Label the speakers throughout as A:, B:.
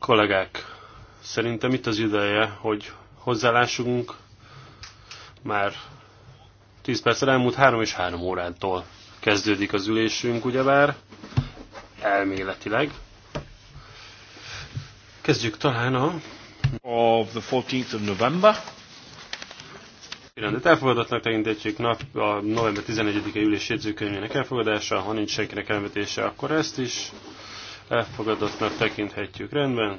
A: Kollégák, szerintem itt az ideje, hogy hozzálássunk már 10 perc elmúlt 3 és 3 órától kezdődik az ülésünk, ugyebár elméletileg. Kezdjük talán a... Of the 14th of November. Rendet elfogadatnak tekintetjük nap, a november 11-e ülés jegyzőkönyvének elfogadása, ha nincs senkinek elvetése, akkor ezt is elfogadottnak tekinthetjük. Rendben.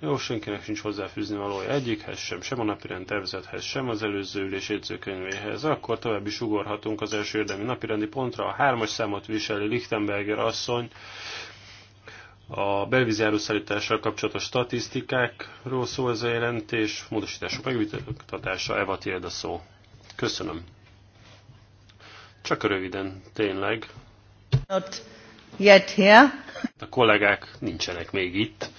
A: Jó, senkinek sincs hozzáfűzni valója egyikhez sem, sem a napirend tervezethez, sem az előző ülés jegyzőkönyvéhez. Akkor további sugorhatunk az első érdemi napirendi pontra. A hármas számot viseli Lichtenberger asszony a belvízi áruszállítással kapcsolatos statisztikákról szól ez a jelentés, módosítások megvitatása, Eva a szó. Köszönöm. Csak röviden, tényleg.
B: Not yet here.
A: A kollégák nincsenek még itt.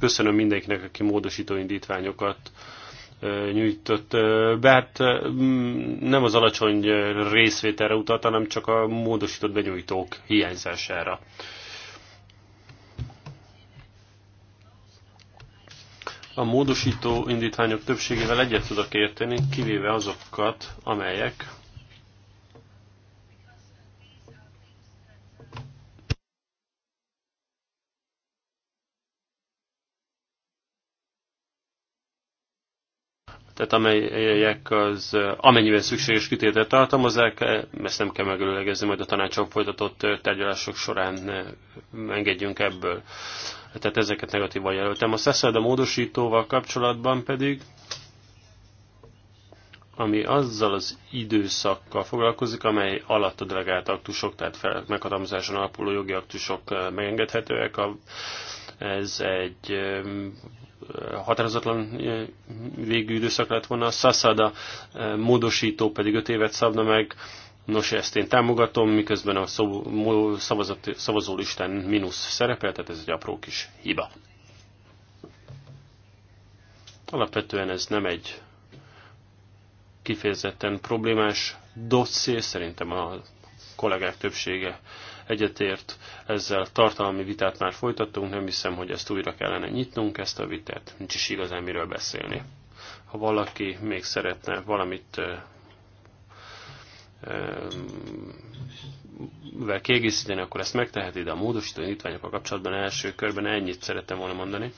A: Köszönöm mindenkinek, aki módosító indítványokat nyújtott be. Hát nem az alacsony részvételre utalt, hanem csak a módosított benyújtók hiányzására. A módosító indítványok többségével egyet tudok érteni, kivéve azokat, amelyek tehát amelyek az amennyiben szükséges kitételt tartalmazzák, ezt nem kell megelőlegezni, majd a tanácsok folytatott tárgyalások során eh, engedjünk ebből. Tehát ezeket negatívan jelöltem. A Szeszeld a módosítóval kapcsolatban pedig, ami azzal az időszakkal foglalkozik, amely alatt a delegált aktusok, tehát fel, meghatalmazáson alapuló jogi aktusok eh, megengedhetőek, a ez egy eh, határozatlan végű időszak lett volna. A Sassada módosító pedig 5 évet szabna meg. Nos, ezt én támogatom, miközben a szavazat, szavazólistán mínusz szerepel, tehát ez egy apró kis hiba. Alapvetően ez nem egy kifejezetten problémás dosszé, szerintem a kollégák többsége egyetért ezzel tartalmi vitát már folytattunk, nem hiszem, hogy ezt újra kellene nyitnunk, ezt a vitát, nincs is igazán miről beszélni. Ha valaki még szeretne valamit mivel kiegészíteni, akkor ezt megteheti, de a módosító indítványokkal kapcsolatban első körben ennyit szerettem volna mondani.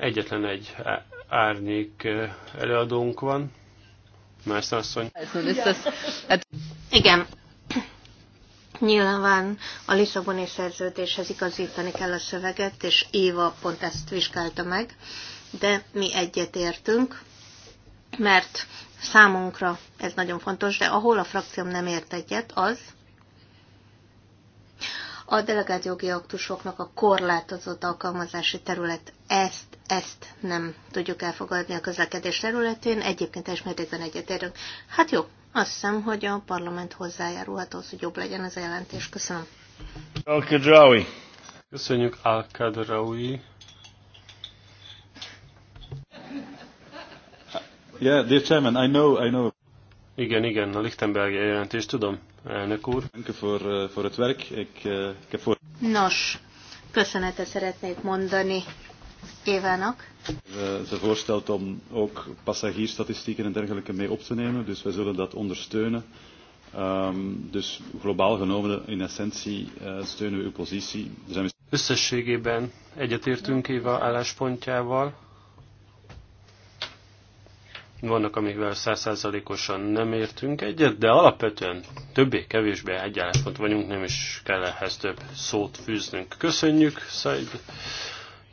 A: Egyetlen egy árnyék előadónk van. Mászta
C: hát- Igen, Nyilván a Lisszaboni szerződéshez igazítani kell a szöveget, és Éva pont ezt vizsgálta meg, de mi egyetértünk, mert számunkra ez nagyon fontos, de ahol a frakcióm nem ért egyet, az a delegált jogi aktusoknak a korlátozott alkalmazási terület. Ezt, ezt nem tudjuk elfogadni a közlekedés területén, egyébként teljes mértékben egyetértünk. Hát jó, azt hiszem, hogy a parlament hozzájárulhat ahhoz, hogy jobb legyen az a jelentés. Köszönöm.
A: Al-Kadrawi. Köszönjük Al-Kadrawi. Yeah, dear chairman, I know, I know. Igen, igen, a Lichtenberg jelentést tudom, elnök úr.
C: Nos, köszönetet szeretnék mondani kívánok!
A: Eh, ze voorstelt om ook passagiersstatistieken en dergelijke mee op te nemen, dus wij zullen dat ondersteunen. Um, dus globaal genomen, in essentie uh, steunen we uw positie. Er zijn... Összességében egyetértünk Eva álláspontjával. Vannak, amikvel százszázalékosan nem értünk egyet, de alapvetően többé-kevésbé egy álláspont vagyunk, nem is kell ehhez több szót fűznünk. Köszönjük, Szaid!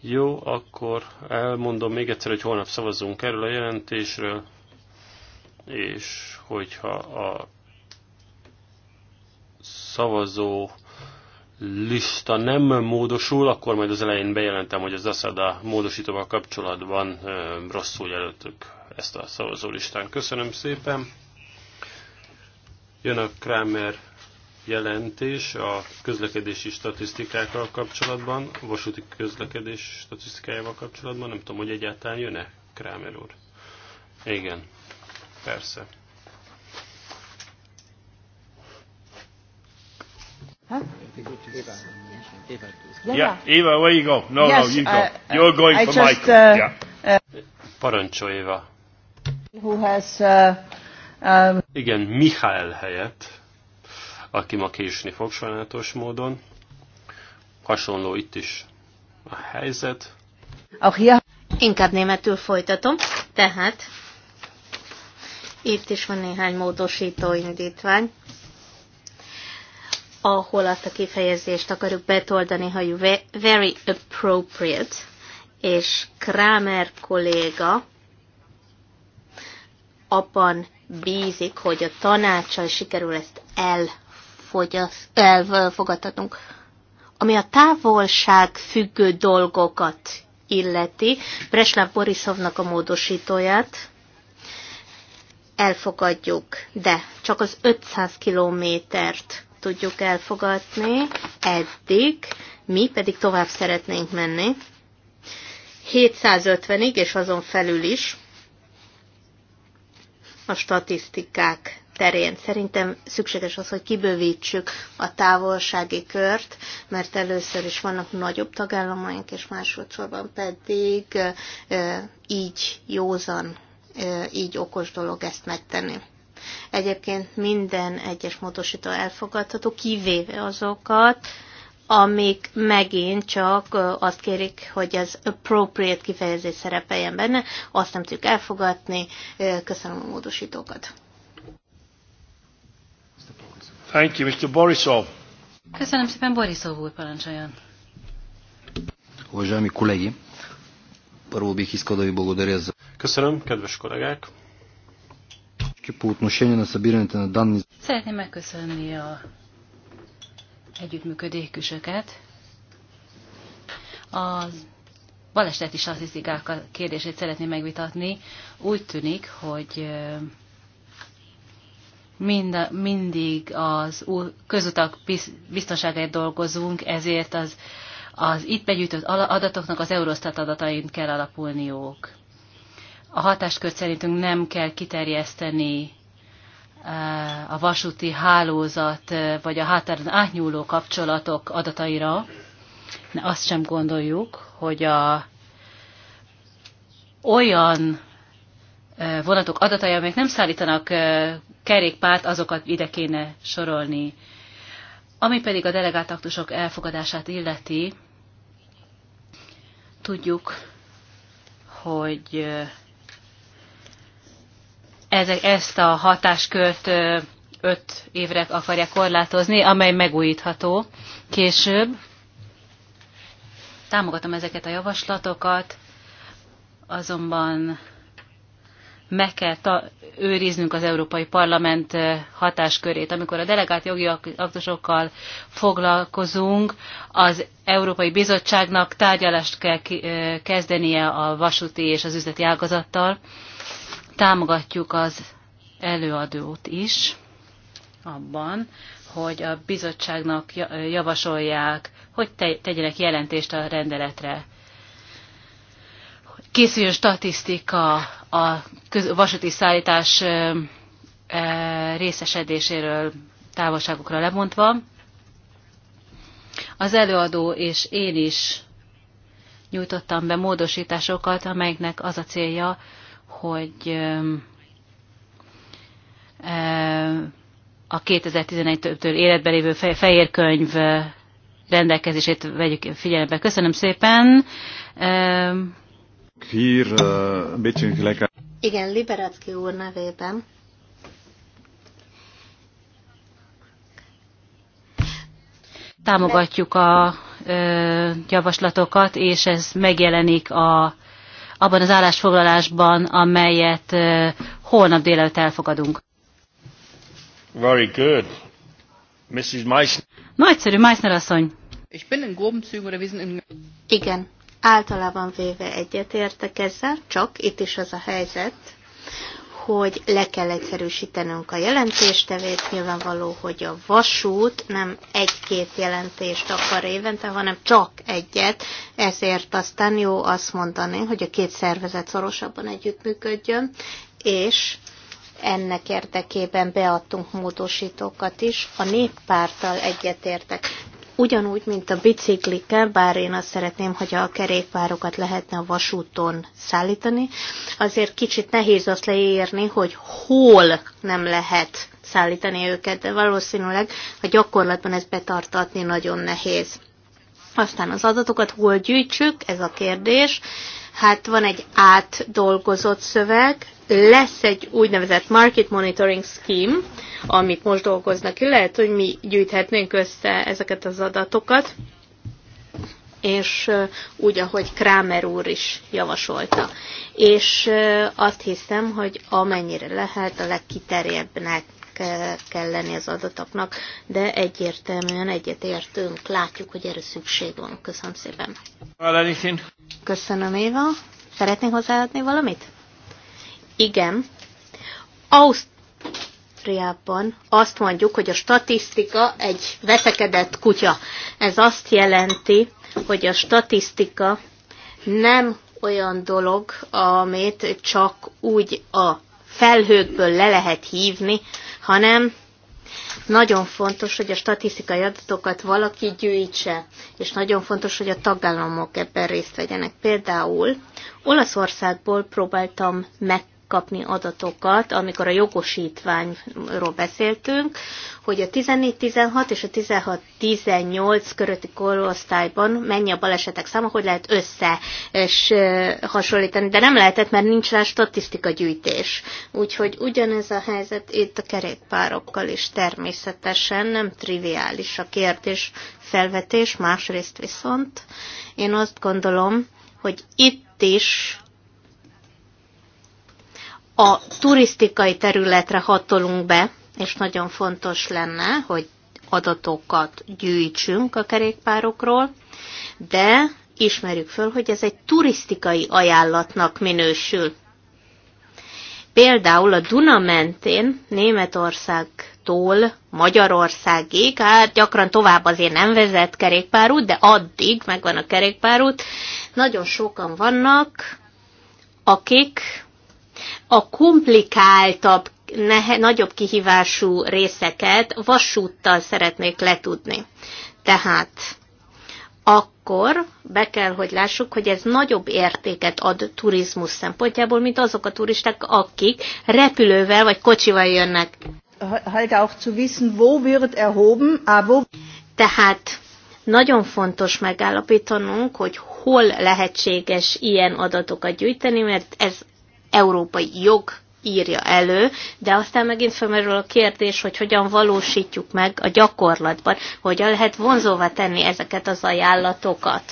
A: Jó, akkor elmondom még egyszer, hogy holnap szavazzunk erről a jelentésről, és hogyha a szavazó lista nem módosul, akkor majd az elején bejelentem, hogy az Asada módosítóval kapcsolatban rosszul jelöltük ezt a szavazólistán. Köszönöm szépen! Jön a Kramer jelentés a közlekedési statisztikákkal kapcsolatban, a vasúti közlekedés statisztikájával kapcsolatban. Nem tudom, hogy egyáltalán jön-e, Krámer úr. Igen, persze. Yeah, Eva, where you go? No, yes, no, you go. Uh, You're going I for just, Michael. Uh, yeah. uh, Parancsol, Eva.
B: Who has, uh, um...
A: Igen, Michael helyett aki ma késni fog sajnálatos módon. Hasonló itt is a helyzet.
C: Auch ja. Inkább németül folytatom, tehát itt is van néhány módosító indítvány, ahol azt a kifejezést akarjuk betoldani, hogy very appropriate, és Kramer kolléga abban bízik, hogy a tanácssal sikerül ezt el elfogyaszt, elfogadhatunk. Ami a távolság függő dolgokat illeti, Breslav Borisovnak a módosítóját elfogadjuk, de csak az 500 kilométert tudjuk elfogadni eddig, mi pedig tovább szeretnénk menni. 750-ig és azon felül is a statisztikák terén. Szerintem szükséges az, hogy kibővítsük a távolsági kört, mert először is vannak nagyobb tagállamaink, és másodszorban pedig így józan, így okos dolog ezt megtenni. Egyébként minden egyes módosító elfogadható, kivéve azokat, amik megint csak azt kérik, hogy az appropriate kifejezés szerepeljen benne, azt nem tudjuk elfogadni. Köszönöm a módosítókat.
A: Thank you, Mr. Borisov.
B: Köszönöm szépen, Borisov
C: úr, parancsoljon.
D: Уважаеми колеги,
A: първо бих искал благодаря за... Köszönöm, kedves kollégák.
D: По отношение на събирането на данни...
B: Szeretném megköszönni a együttműködésüket. A baleseti statisztikák kérdését szeretném megvitatni. Úgy tűnik, hogy mind, mindig az közutak biztonságáért dolgozunk, ezért az, az itt begyűjtött adatoknak az Eurostat adatain kell alapulniuk. A hatáskör szerintünk nem kell kiterjeszteni e, a vasúti hálózat e, vagy a határon átnyúló kapcsolatok adataira. Azt sem gondoljuk, hogy a olyan e, vonatok adatai, amelyek nem szállítanak kerékpárt, azokat ide kéne sorolni. Ami pedig a delegált aktusok elfogadását illeti, tudjuk, hogy ezek, ezt a hatáskört öt évre akarják korlátozni, amely megújítható később. Támogatom ezeket a javaslatokat, azonban meg kell őriznünk az Európai Parlament hatáskörét. Amikor a delegált jogi aktusokkal foglalkozunk, az Európai Bizottságnak tárgyalást kell kezdenie a vasúti és az üzleti ágazattal. Támogatjuk az előadót is abban, hogy a bizottságnak javasolják, hogy tegyenek jelentést a rendeletre készüljön statisztika a vasúti szállítás részesedéséről távolságokra lebontva. Az előadó és én is nyújtottam be módosításokat, amelyeknek az a célja, hogy a 2011-től életbe lévő fehér könyv rendelkezését vegyük figyelembe. Köszönöm szépen!
A: hier uh, Lekár.
C: Igen, Liberacki úr nevében.
B: Támogatjuk a ö, javaslatokat, és ez megjelenik a, abban az állásfoglalásban, amelyet ö, holnap délelőtt elfogadunk.
A: Very good.
B: Mrs. Meissner. Nagyszerű, Meissner asszony. Ich bin in groben oder wir sind in...
C: Igen. Általában véve egyetértek ezzel, csak itt is az a helyzet, hogy le kell egyszerűsítenünk a jelentéstevét. Nyilvánvaló, hogy a vasút nem egy-két jelentést akar évente, hanem csak egyet. Ezért aztán jó azt mondani, hogy a két szervezet szorosabban együttműködjön, és ennek érdekében beadtunk módosítókat is. A néppárttal egyetértek. Ugyanúgy, mint a biciklikkel, bár én azt szeretném, hogy a kerékpárokat lehetne a vasúton szállítani, azért kicsit nehéz azt leírni, hogy hol nem lehet szállítani őket, de valószínűleg a gyakorlatban ezt betartatni nagyon nehéz. Aztán az adatokat hol gyűjtsük, ez a kérdés. Hát van egy átdolgozott szöveg, lesz egy úgynevezett market monitoring scheme, amit most dolgoznak ki. Lehet, hogy mi gyűjthetnénk össze ezeket az adatokat, és úgy, ahogy Kramer úr is javasolta. És azt hiszem, hogy amennyire lehet, a legkiterjebbnek kell lenni az adatoknak, de egyértelműen egyetértünk, látjuk, hogy erre szükség van. Köszönöm szépen. Köszönöm, Éva. Szeretnél hozzáadni valamit? Igen. Ausztriában azt mondjuk, hogy a statisztika egy veszekedett kutya. Ez azt jelenti, hogy a statisztika nem olyan dolog, amit csak úgy a felhőkből le lehet hívni, hanem nagyon fontos, hogy a statisztikai adatokat valaki gyűjtse, és nagyon fontos, hogy a tagállamok ebben részt vegyenek. Például Olaszországból próbáltam meg kapni adatokat, amikor a jogosítványról beszéltünk, hogy a 14-16 és a 16-18 körötti korosztályban mennyi a balesetek száma, hogy lehet össze és hasonlítani, de nem lehetett, mert nincs rá statisztika gyűjtés. Úgyhogy ugyanez a helyzet itt a kerékpárokkal is természetesen nem triviális a kérdés felvetés, másrészt viszont én azt gondolom, hogy itt is a turisztikai területre hatolunk be, és nagyon fontos lenne, hogy adatokat gyűjtsünk a kerékpárokról, de ismerjük föl, hogy ez egy turisztikai ajánlatnak minősül. Például a Duna mentén Németországtól Magyarországig, hát gyakran tovább azért nem vezet kerékpárút, de addig megvan a kerékpárút, nagyon sokan vannak, akik a komplikáltabb, nehe, nagyobb kihívású részeket vasúttal szeretnék letudni. Tehát akkor be kell, hogy lássuk, hogy ez nagyobb értéket ad turizmus szempontjából, mint azok a turisták, akik repülővel vagy kocsival jönnek. Halt auch zu wissen, wo wird erhoben, ah, Tehát nagyon fontos megállapítanunk, hogy hol lehetséges ilyen adatokat gyűjteni, mert ez európai jog írja elő, de aztán megint felmerül a kérdés, hogy hogyan valósítjuk meg a gyakorlatban, hogyan lehet vonzóvá tenni ezeket az ajánlatokat.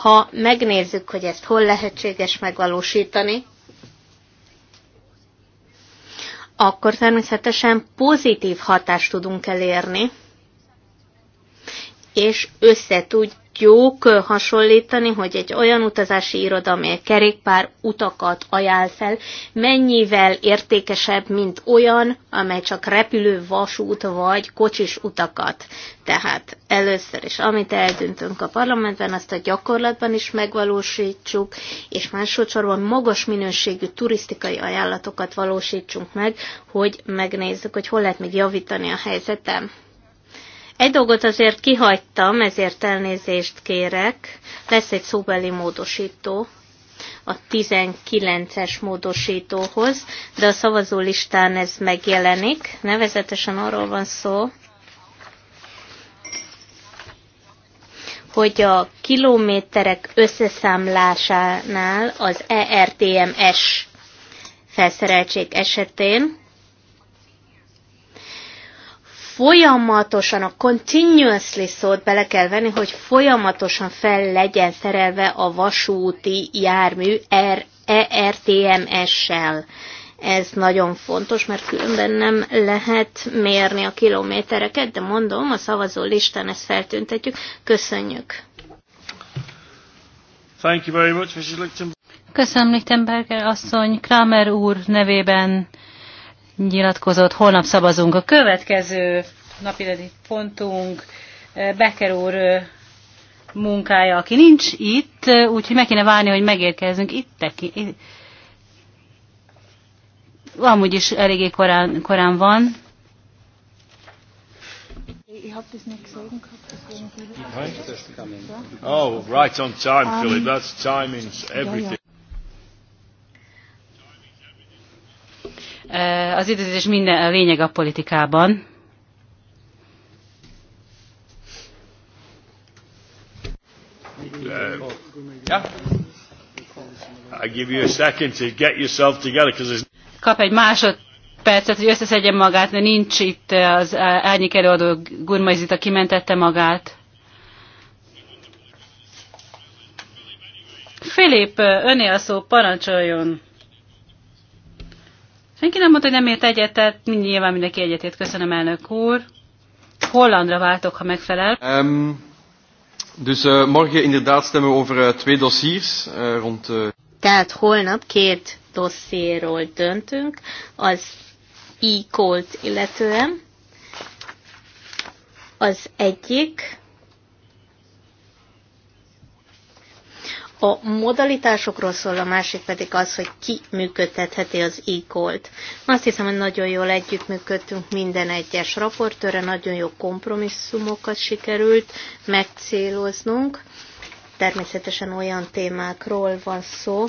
C: Ha megnézzük, hogy ezt hol lehetséges megvalósítani, akkor természetesen pozitív hatást tudunk elérni, és össze tudjuk hasonlítani, hogy egy olyan utazási iroda, amely kerékpár utakat ajánl fel, mennyivel értékesebb, mint olyan, amely csak repülő vasút vagy kocsis utakat. Tehát először is, amit eldöntünk a parlamentben, azt a gyakorlatban is megvalósítsuk, és másodszorban magas minőségű turisztikai ajánlatokat valósítsunk meg, hogy megnézzük, hogy hol lehet még javítani a helyzetem. Egy dolgot azért kihagytam, ezért elnézést kérek. Lesz egy szóbeli módosító a 19-es módosítóhoz, de a listán ez megjelenik. Nevezetesen arról van szó, hogy a kilométerek összeszámlásánál az ERTMS felszereltség esetén folyamatosan, a continuously szót bele kell venni, hogy folyamatosan fel legyen szerelve a vasúti jármű ERTMS-sel. Ez nagyon fontos, mert különben nem lehet mérni a kilométereket, de mondom, a szavazó listán ezt feltüntetjük. Köszönjük!
A: Thank you very much, Mrs.
C: Köszönöm,
B: Lichtenberger asszony. Kramer úr nevében nyilatkozott. Holnap szavazunk. A következő napirendi pontunk eh, Becker úr eh, munkája, aki nincs itt, eh, úgyhogy meg kéne várni, hogy megérkezzünk Itt, teki, itt. amúgy is eléggé korán, korán van. Oh, right on time, Philip.
A: That's
C: timing's everything.
B: Eh, az időzítés minden a lényeg a politikában. Kap egy másodpercet, hogy összeszedje magát, mert nincs itt az árnyék előadó aki mentette magát. Filip, öné a szó, parancsoljon! Senki nem mondta, hogy nem ért egyet, tehát nyilván mindenki egyetért. Köszönöm, elnök úr. Hollandra
C: váltok, ha megfelel.
D: Um, dus uh, morgen inderdaad stemmen over uh, twee dossiers uh, rond... Uh...
C: Tehát holnap két dossziéról döntünk, az e illetően. Az egyik a modalitásokról szól, a másik pedig az, hogy ki működtetheti az e-call-t. Azt hiszem, hogy nagyon jól együttműködtünk minden egyes raportőre, nagyon jó kompromisszumokat sikerült megcéloznunk. Természetesen olyan témákról van szó,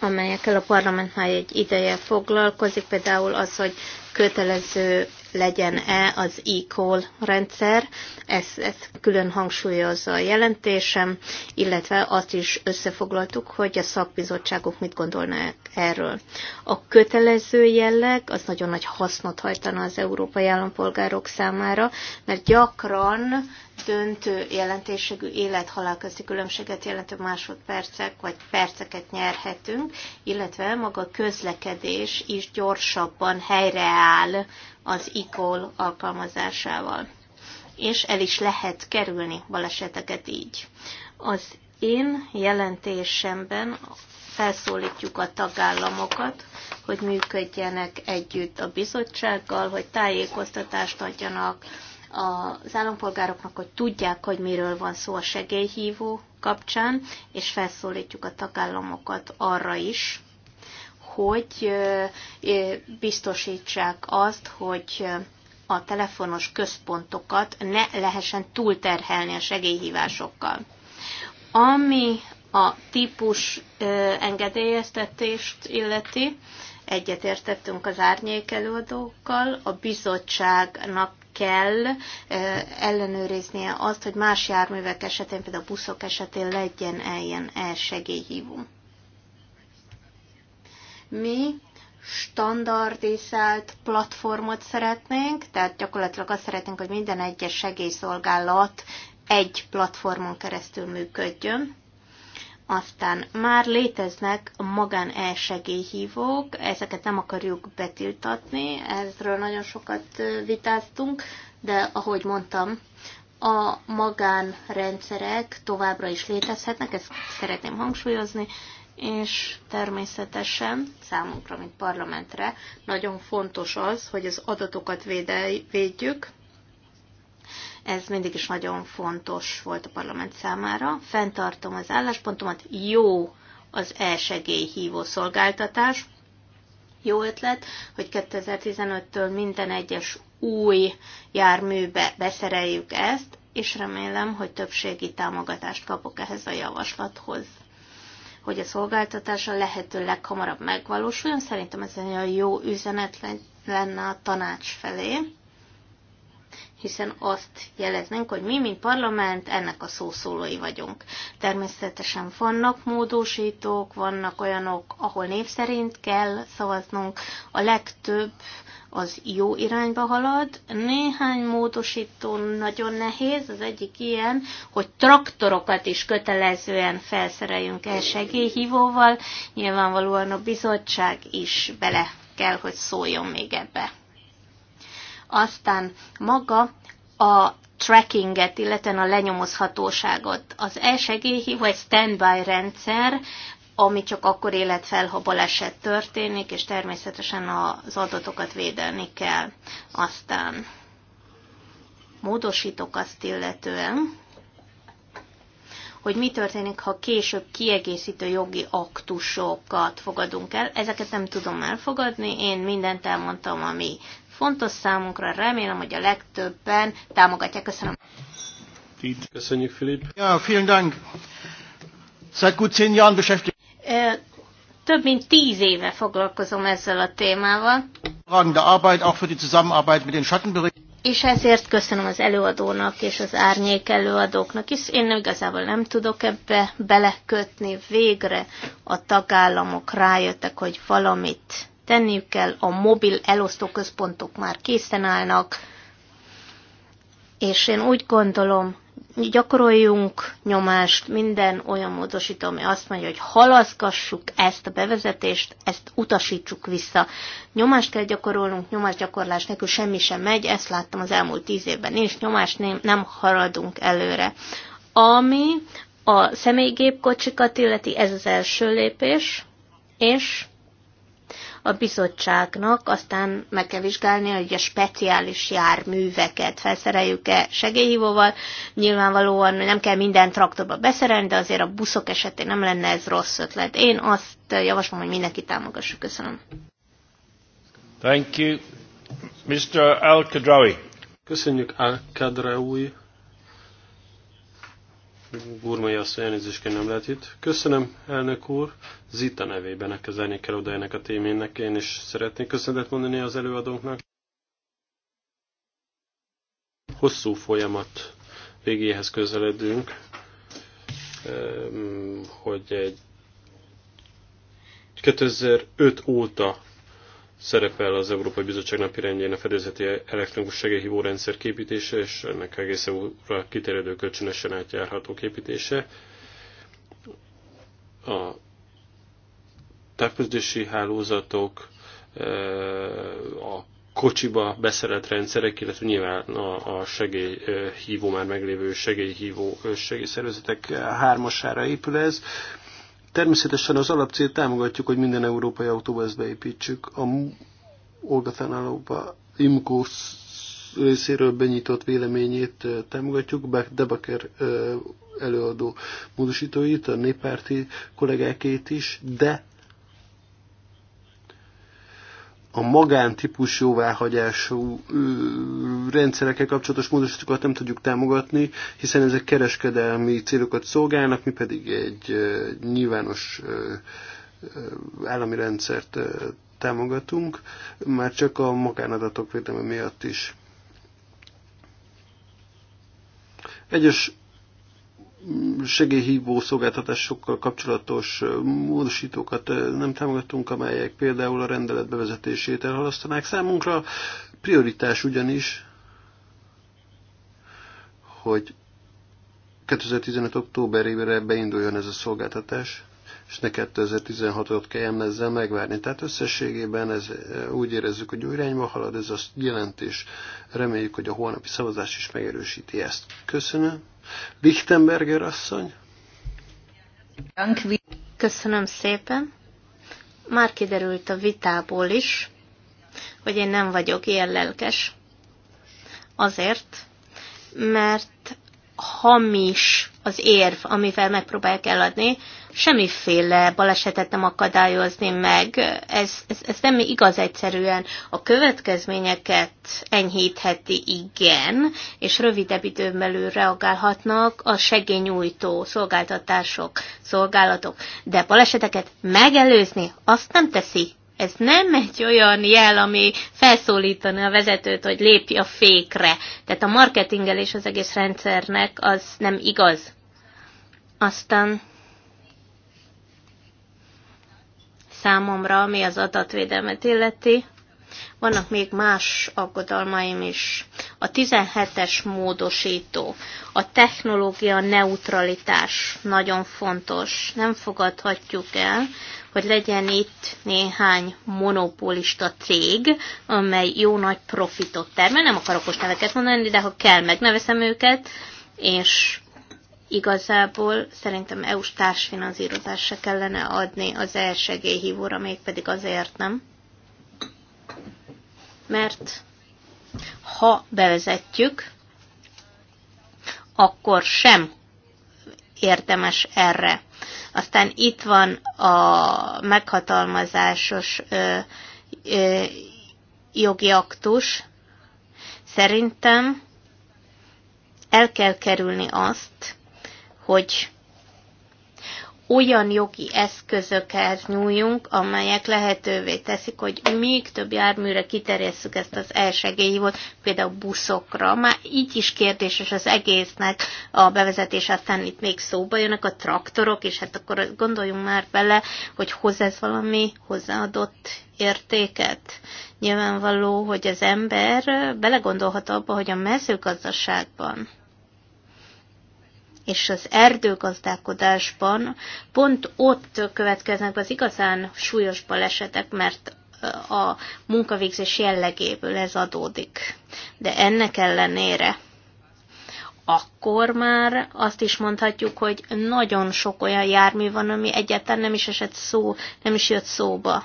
C: amelyekkel a parlament már egy ideje foglalkozik, például az, hogy kötelező legyen-e az e-call rendszer, ezt, ezt külön hangsúlyozza a jelentésem, illetve azt is összefoglaltuk, hogy a szakbizottságok mit gondolnak erről. A kötelező jelleg az nagyon nagy hasznot hajtana az európai állampolgárok számára, mert gyakran döntő jelentésegű élethalál közti különbséget jelentő másodpercek vagy perceket nyerhetünk, illetve maga a közlekedés is gyorsabban helyreáll áll az ICOL alkalmazásával, és el is lehet kerülni baleseteket így. Az én jelentésemben felszólítjuk a tagállamokat, hogy működjenek együtt a bizottsággal, hogy tájékoztatást adjanak az állampolgároknak, hogy tudják, hogy miről van szó a segélyhívó kapcsán, és felszólítjuk a tagállamokat arra is, hogy biztosítsák azt, hogy a telefonos központokat ne lehessen túlterhelni a segélyhívásokkal. Ami a típus engedélyeztetést illeti, egyetértettünk az árnyék előadókkal, a bizottságnak kell ellenőriznie azt, hogy más járművek esetén, például buszok esetén legyen ilyen elsegélyhívó. Mi standardizált platformot szeretnénk, tehát gyakorlatilag azt szeretnénk, hogy minden egyes segélyszolgálat egy platformon keresztül működjön. Aztán már léteznek magán elsegélyhívók, ezeket nem akarjuk betiltatni, ezről nagyon sokat vitáztunk, de ahogy mondtam, a magánrendszerek továbbra is létezhetnek, ezt szeretném hangsúlyozni, és természetesen számunkra, mint parlamentre nagyon fontos az, hogy az adatokat védelj, védjük. Ez mindig is nagyon fontos volt a parlament számára. Fentartom az álláspontomat, jó az e hívó szolgáltatás. Jó ötlet, hogy 2015-től minden egyes új járműbe beszereljük ezt, és remélem, hogy többségi támogatást kapok ehhez a javaslathoz hogy a szolgáltatása lehető leghamarabb megvalósuljon. Szerintem ez egy olyan jó üzenet lenne a tanács felé, hiszen azt jeleznénk, hogy mi, mint parlament, ennek a szószólói vagyunk. Természetesen vannak módosítók, vannak olyanok, ahol név szerint kell szavaznunk. A legtöbb az jó irányba halad. Néhány módosító nagyon nehéz, az egyik ilyen, hogy traktorokat is kötelezően felszereljünk el segélyhívóval, nyilvánvalóan a bizottság is bele kell, hogy szóljon még ebbe. Aztán maga a trackinget, illetve a lenyomozhatóságot. Az e-segélyhívó egy standby rendszer, ami csak akkor élet fel, ha baleset történik, és természetesen az adatokat védelni kell. Aztán módosítok azt illetően, hogy mi történik, ha később kiegészítő jogi aktusokat fogadunk el. Ezeket nem tudom elfogadni, én mindent elmondtam, ami fontos számunkra. Remélem, hogy a legtöbben támogatják. Köszönöm.
D: Köszönjük, Filip. Ja, vielen Dank. Seit gut zehn Jahren beschäftigt
C: több mint tíz éve foglalkozom ezzel a témával. És ezért köszönöm az előadónak és az árnyék előadóknak is. Én igazából nem tudok ebbe belekötni. Végre a tagállamok rájöttek, hogy valamit tenniük kell. A mobil elosztóközpontok már készen állnak. És én úgy gondolom, gyakoroljunk nyomást minden olyan módosító, ami azt mondja, hogy halaszkassuk ezt a bevezetést, ezt utasítsuk vissza. Nyomást kell gyakorolnunk, nyomásgyakorlás nélkül semmi sem megy, ezt láttam az elmúlt tíz évben is, nyomást nem, nem haladunk előre. Ami a személygépkocsikat illeti, ez az első lépés, és a bizottságnak, aztán meg kell vizsgálni, hogy a speciális járműveket felszereljük-e segélyhívóval. Nyilvánvalóan nem kell minden traktorba beszerelni, de azért a buszok esetén nem lenne ez rossz ötlet. Én azt javaslom, hogy mindenki támogassuk. Köszönöm.
A: Thank you. Mr. al Köszönjük al kadraoui Gurmai asszony elnézést nem lehet itt. Köszönöm, elnök úr. Zita nevében a kezelni kell oda ennek a témének. Én is szeretnék köszönetet mondani az előadónknak. Hosszú folyamat végéhez közeledünk, ehm, hogy egy 2005 óta szerepel az Európai Bizottság napirendjén a fedezeti elektronikus segélyhívó rendszer képítése, és ennek egész EU-ra kiterjedő kölcsönösen átjárható képítése. A távközlési hálózatok, e, a kocsiba beszerelt rendszerek, illetve nyilván a, a segélyhívó, már meglévő segélyhívó segélyszervezetek
D: hármasára épül ez. Természetesen az alapcél támogatjuk, hogy minden európai autóba ezt beépítsük. A Olga Fenálóba Imco részéről benyitott véleményét támogatjuk, Debaker előadó módosítóit, a néppárti kollégákét is, de a magántípus jóváhagyású rendszerekkel kapcsolatos módosítókat nem tudjuk támogatni, hiszen ezek kereskedelmi célokat szolgálnak, mi pedig egy nyilvános állami rendszert támogatunk, már csak a magánadatok védelme miatt is. Egyes segélyhívó szolgáltatásokkal kapcsolatos módosítókat nem támogatunk, amelyek például a rendelet bevezetését elhalasztanák. Számunkra prioritás ugyanis, hogy 2015. októberében beinduljon ez a szolgáltatás és ne 2016-ot kelljen ezzel megvárni. Tehát összességében ez, e, úgy érezzük, hogy jó irányba halad, ez a jelentés. Reméljük, hogy a holnapi szavazás is megerősíti ezt. Köszönöm. Lichtenberger asszony.
C: Köszönöm szépen. Már kiderült a vitából is, hogy én nem vagyok ilyen lelkes. Azért, mert hamis az érv, amivel megpróbálják eladni, semmiféle balesetet nem akadályozni meg. Ez, ez, ez nem igaz egyszerűen. A következményeket enyhítheti, igen, és rövidebb időn belül reagálhatnak a segényújtó szolgáltatások, szolgálatok. De baleseteket megelőzni, azt nem teszi ez nem egy olyan jel, ami felszólítani a vezetőt, hogy lépj a fékre. Tehát a marketingelés az egész rendszernek az nem igaz. Aztán számomra, ami az adatvédelmet illeti. Vannak még más aggodalmaim is. A 17-es módosító, a technológia neutralitás nagyon fontos. Nem fogadhatjuk el, hogy legyen itt néhány monopolista cég, amely jó nagy profitot termel. Nem akarok most neveket mondani, de ha kell, megneveszem őket, és Igazából szerintem EU-s társfinanszírozás se kellene adni az elsegélyhívóra, mégpedig azért nem. Mert ha bevezetjük, akkor sem érdemes erre. Aztán itt van a meghatalmazásos ö, ö, jogi aktus. Szerintem el kell kerülni azt, hogy olyan jogi eszközökhez nyúljunk, amelyek lehetővé teszik, hogy még több járműre kiterjesszük ezt az elsegélyhívót, például buszokra. Már így is kérdéses az egésznek a bevezetés, aztán itt még szóba jönnek a traktorok, és hát akkor gondoljunk már bele, hogy hoz ez valami hozzáadott értéket. Nyilvánvaló, hogy az ember belegondolhat abba, hogy a mezőgazdaságban és az erdőgazdálkodásban pont ott következnek az igazán súlyos balesetek, mert a munkavégzés jellegéből ez adódik. De ennek ellenére akkor már azt is mondhatjuk, hogy nagyon sok olyan jármű van, ami egyáltalán nem is esett szó, nem is jött szóba.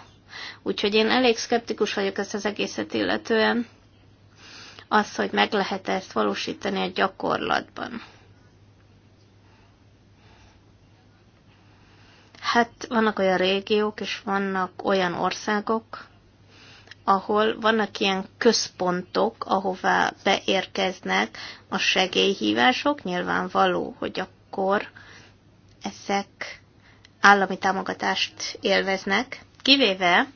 C: Úgyhogy én elég szkeptikus vagyok ezt az egészet illetően, az, hogy meg lehet -e ezt valósítani a gyakorlatban. Hát vannak olyan régiók, és vannak olyan országok, ahol vannak ilyen központok, ahová beérkeznek a segélyhívások, nyilvánvaló, hogy akkor ezek állami támogatást élveznek, kivéve,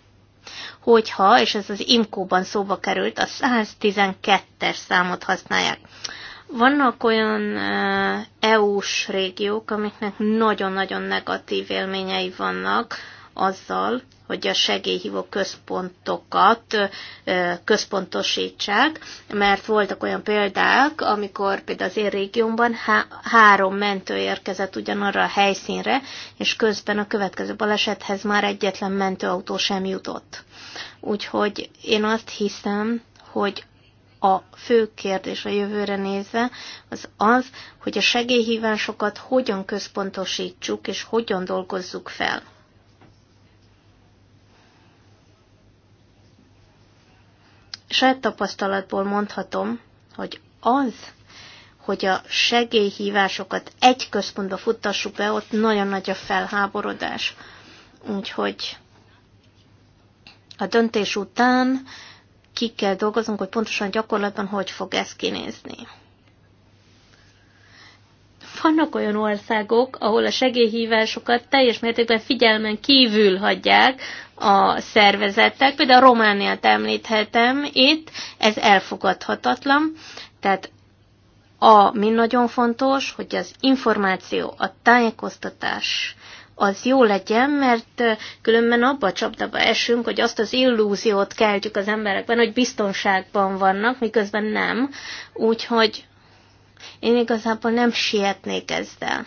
C: hogyha, és ez az Imkóban szóba került, a 112-es számot használják. Vannak olyan eh, EU-s régiók, amiknek nagyon-nagyon negatív élményei vannak azzal, hogy a segélyhívó központokat eh, központosítsák, mert voltak olyan példák, amikor például az én régiómban há- három mentő érkezett ugyanarra a helyszínre, és közben a következő balesethez már egyetlen mentőautó sem jutott. Úgyhogy én azt hiszem, hogy a fő kérdés a jövőre nézve, az az, hogy a segélyhívásokat hogyan központosítsuk és hogyan dolgozzuk fel. Saját tapasztalatból mondhatom, hogy az, hogy a segélyhívásokat egy központba futtassuk be, ott nagyon nagy a felháborodás. Úgyhogy a döntés után Kikkel dolgozunk, hogy pontosan gyakorlatban hogy fog ez kinézni. Vannak olyan országok, ahol a segélyhívásokat teljes mértékben figyelmen kívül hagyják a szervezetek. Például a Romániát említhetem itt, ez elfogadhatatlan. Tehát a, mi nagyon fontos, hogy az információ, a tájékoztatás az jó legyen, mert különben abba a csapdába esünk, hogy azt az illúziót keltjük az emberekben, hogy biztonságban vannak, miközben nem. Úgyhogy én igazából nem sietnék ezzel.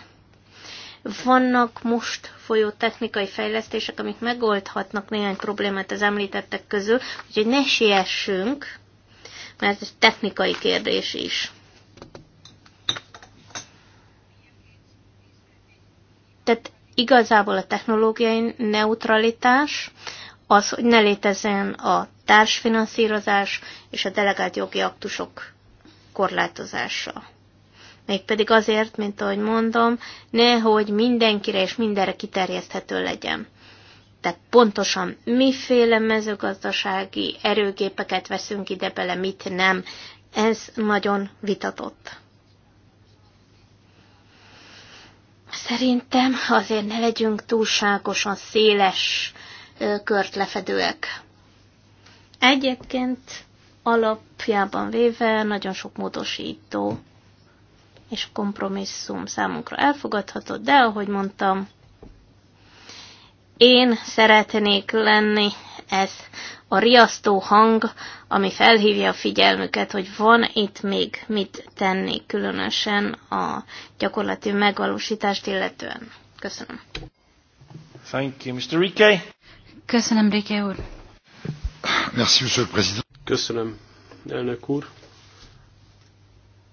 C: Vannak most folyó technikai fejlesztések, amik megoldhatnak néhány problémát az említettek közül, úgyhogy ne siessünk, mert ez technikai kérdés is. Tehát igazából a technológiai neutralitás, az, hogy ne létezzen a társfinanszírozás és a delegált jogi aktusok korlátozása. Mégpedig azért, mint ahogy mondom, nehogy mindenkire és mindenre kiterjeszthető legyen. Tehát pontosan miféle mezőgazdasági erőgépeket veszünk ide bele, mit nem, ez nagyon vitatott. Szerintem azért ne legyünk túlságosan széles kört lefedőek. Egyébként alapjában véve nagyon sok módosító és kompromisszum számunkra elfogadható, de ahogy mondtam, én szeretnék lenni ez a riasztó hang, ami felhívja a figyelmüket, hogy van itt még mit tenni, különösen a gyakorlati megvalósítást illetően. Köszönöm.
A: Thank you, Mr. Rike.
C: Köszönöm,
B: Rike úr.
A: Merci, Monsieur le Président. Köszönöm, elnök úr.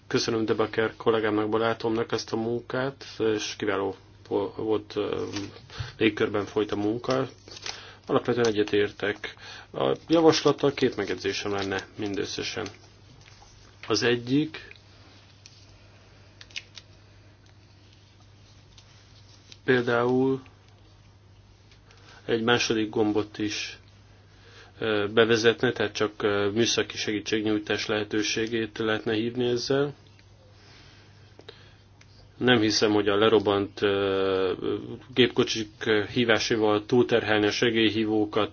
A: Köszönöm Debaker kollégámnak, barátomnak ezt a munkát, és kiváló volt légkörben folyt a munka. Alapvetően egyetértek. A javaslata két megjegyzésem lenne mindösszesen. Az egyik, például egy második gombot is bevezetne, tehát csak műszaki segítségnyújtás lehetőségét lehetne hívni ezzel. Nem hiszem, hogy a lerobbant gépkocsik hívásával túlterhelni a segélyhívókat,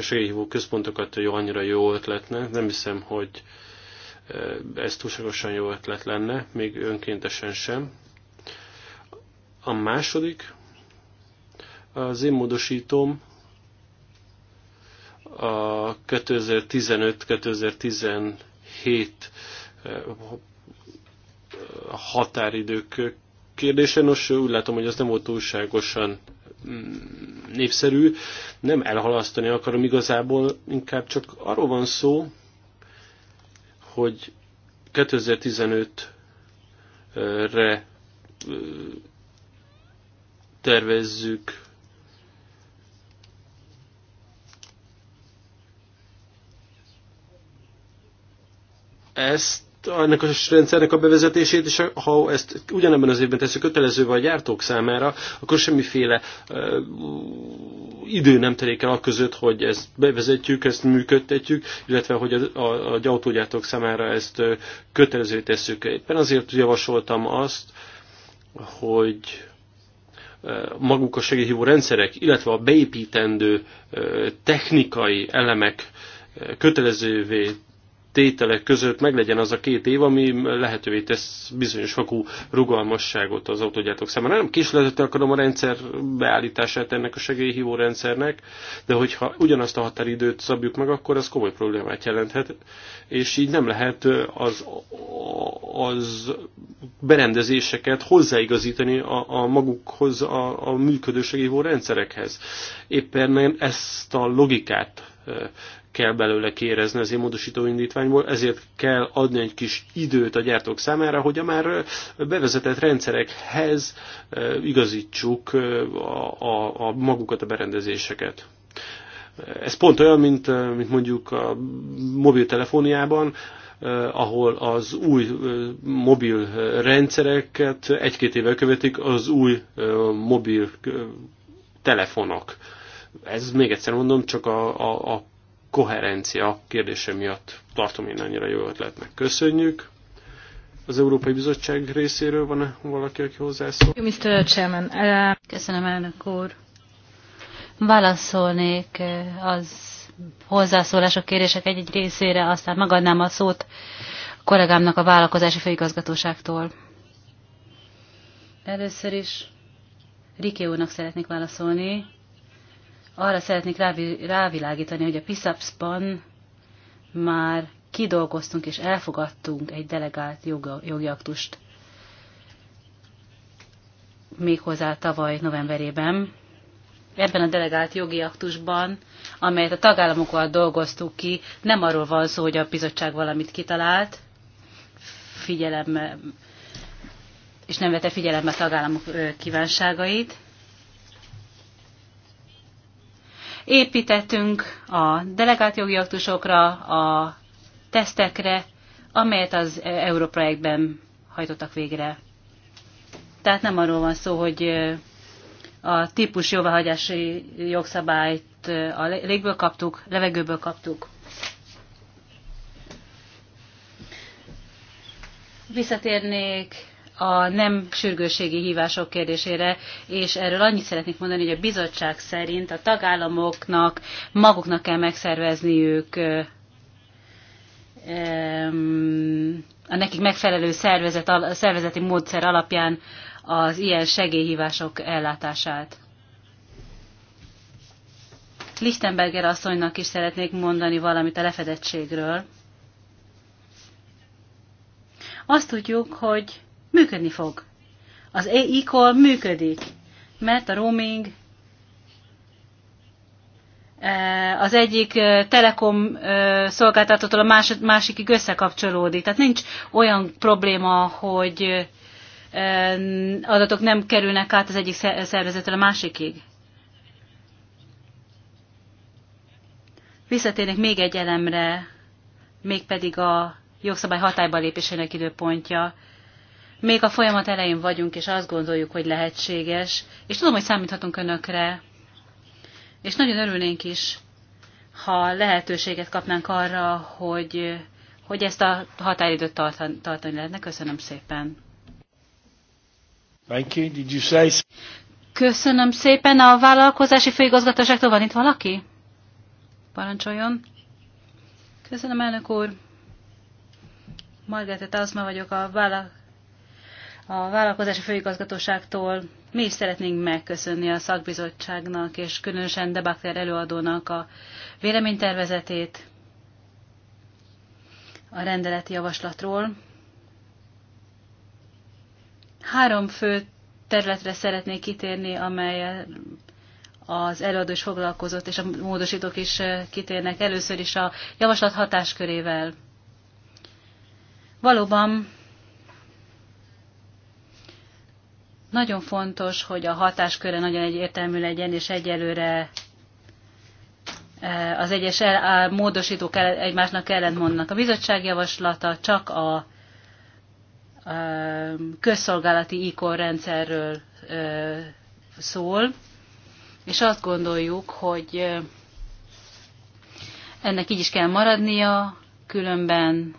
A: segélyhívó központokat jó, annyira jó ötletne. Nem hiszem, hogy ez túlságosan jó ötlet lenne, még önkéntesen sem. A második, az én módosítom a 2015-2017 határidők kérdése. Nos, úgy látom, hogy az nem volt túlságosan mm, népszerű. Nem elhalasztani akarom igazából, inkább csak arról van szó, hogy 2015-re tervezzük
D: ezt ennek a rendszernek a bevezetését, és ha ezt ugyanebben az évben teszi kötelezővé a gyártók számára, akkor semmiféle uh,
A: idő nem telik el között, hogy ezt bevezetjük, ezt működtetjük, illetve hogy a, a, a gyautógyártók számára ezt kötelezővé tesszük. Éppen azért javasoltam azt, hogy maguk a segélyhívó rendszerek, illetve a beépítendő technikai elemek kötelezővé tételek között meglegyen az a két év, ami lehetővé tesz bizonyos fokú rugalmasságot az autógyártók számára. Nem kisletet akarom a rendszer beállítását ennek a segélyhívó rendszernek, de hogyha ugyanazt a határidőt szabjuk meg, akkor az komoly problémát jelenthet, és így nem lehet az, az berendezéseket hozzáigazítani a, a magukhoz, a, a működő segélyhívó rendszerekhez. Éppen ezt a logikát kell belőle kérezni az én módosító indítványból, ezért kell adni egy kis időt a gyártók számára, hogy a már bevezetett rendszerekhez igazítsuk a, a, a magukat a berendezéseket. Ez pont olyan, mint, mint mondjuk a mobiltelefoniában, ahol az új mobil rendszereket egy-két éve követik az új mobil telefonok. Ez még egyszer mondom, csak a, a, a koherencia kérdése miatt tartom én annyira jó ötletnek. Köszönjük! Az Európai Bizottság részéről van -e valaki, aki hozzászól? Mr.
B: Chairman, uh, köszönöm elnök úr. Válaszolnék uh, az hozzászólások, kérések egy-egy részére, aztán megadnám a szót a kollégámnak a vállalkozási főigazgatóságtól. Először is Riki úrnak szeretnék válaszolni arra szeretnék rávilágítani, hogy a PISAPS-ban már kidolgoztunk és elfogadtunk egy delegált joga, jogi aktust méghozzá tavaly novemberében. Ebben a delegált jogi aktusban, amelyet a tagállamokkal dolgoztuk ki, nem arról van szó, hogy a bizottság valamit kitalált, figyelem, és nem vette figyelembe a tagállamok kívánságait, Építettünk a delegált jogi aktusokra, a tesztekre, amelyet az Európrojektben hajtottak végre. Tehát nem arról van szó, hogy a típus jóváhagyási jogszabályt a légből kaptuk, levegőből kaptuk. Visszatérnék a nem sürgőségi hívások kérdésére, és erről annyit szeretnék mondani, hogy a bizottság szerint a tagállamoknak maguknak kell megszervezniük a nekik megfelelő szervezet, szervezeti módszer alapján az ilyen segélyhívások ellátását. Lichtenberger asszonynak is szeretnék mondani valamit a lefedettségről. Azt tudjuk, hogy működni fog. Az AI e call működik, mert a roaming e, az egyik e, telekom szolgáltatótól a másikig összekapcsolódik. Tehát nincs olyan probléma, hogy adatok nem kerülnek át az egyik szervezetől a másikig. Visszatérnek még egy elemre, mégpedig a jogszabály hatályba lépésének időpontja. Még a folyamat elején vagyunk, és azt gondoljuk, hogy lehetséges, és tudom, hogy számíthatunk önökre, és nagyon örülnénk is, ha lehetőséget kapnánk arra, hogy, hogy ezt a határidőt tartani, tartani lehetne. Köszönöm szépen.
A: Thank you. Did you say...
B: Köszönöm szépen. A vállalkozási főigazgatóságtól van itt valaki? Parancsoljon. Köszönöm, elnök úr. Margaret Azma vagyok, a vállal a vállalkozási főigazgatóságtól mi is szeretnénk megköszönni a szakbizottságnak és különösen Debakter előadónak a véleménytervezetét a rendeleti javaslatról. Három fő területre szeretnék kitérni, amely az előadó is foglalkozott, és a módosítók is kitérnek először is a javaslat hatáskörével. Valóban Nagyon fontos, hogy a hatásköre nagyon egyértelmű legyen, és egyelőre eh, az egyes el, a módosítók el, egymásnak ellentmondnak. A bizottság javaslata csak a, a közszolgálati ikon rendszerről eh, szól, és azt gondoljuk, hogy eh, ennek így is kell maradnia, különben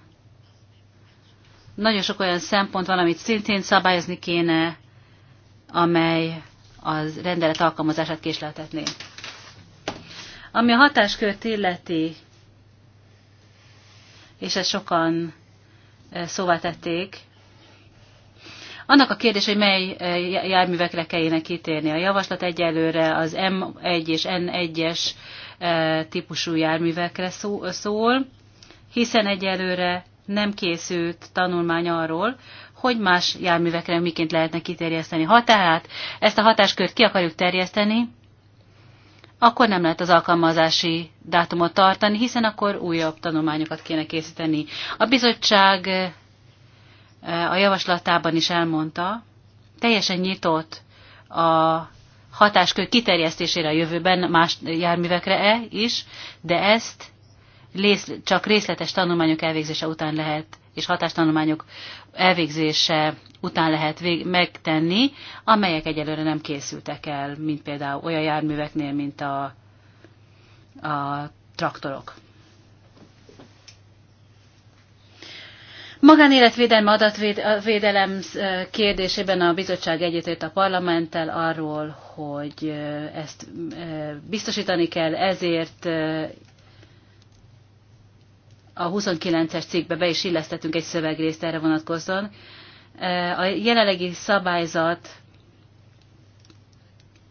B: nagyon sok olyan szempont van, amit szintén szabályozni kéne, amely az rendelet alkalmazását késleltetné. Ami a hatáskört illeti, és ezt sokan e, szóvá tették, annak a kérdés, hogy mely e, járművekre kellene kitérni. A javaslat egyelőre az M1 és N1-es e, típusú járművekre szól, hiszen egyelőre nem készült tanulmány arról, hogy más járművekre miként lehetne kiterjeszteni. Ha tehát ezt a hatáskört ki akarjuk terjeszteni, akkor nem lehet az alkalmazási dátumot tartani, hiszen akkor újabb tanulmányokat kéne készíteni. A bizottság eh, a javaslatában is elmondta, teljesen nyitott a hatáskör kiterjesztésére a jövőben más járművekre -e is, de ezt csak részletes tanulmányok elvégzése után lehet, és hatástanulmányok elvégzése után lehet vég, megtenni, amelyek egyelőre nem készültek el, mint például olyan járműveknél, mint a, a traktorok. Magánéletvédelme adatvédelem kérdésében a bizottság egyetért a parlamenttel arról, hogy ezt biztosítani kell, ezért a 29-es cikkbe be is illesztettünk egy szövegrészt erre vonatkozóan. E, a jelenlegi szabályzat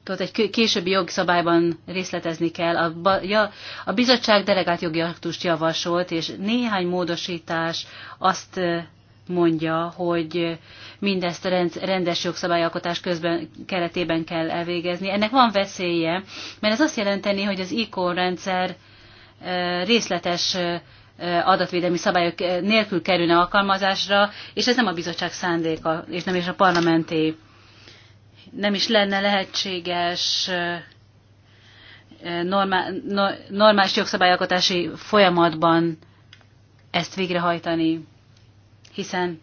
B: tehát egy későbbi jogszabályban részletezni kell. A, ja, a bizottság delegált jogi aktust javasolt, és néhány módosítás azt e, mondja, hogy mindezt a rendes jogszabályalkotás közben keretében kell elvégezni. Ennek van veszélye, mert ez azt jelenteni, hogy az ICO rendszer e, részletes adatvédelmi szabályok nélkül kerülne alkalmazásra, és ez nem a bizottság szándéka, és nem is a parlamenté. Nem is lenne lehetséges normál, normális jogszabályalkotási folyamatban ezt végrehajtani, hiszen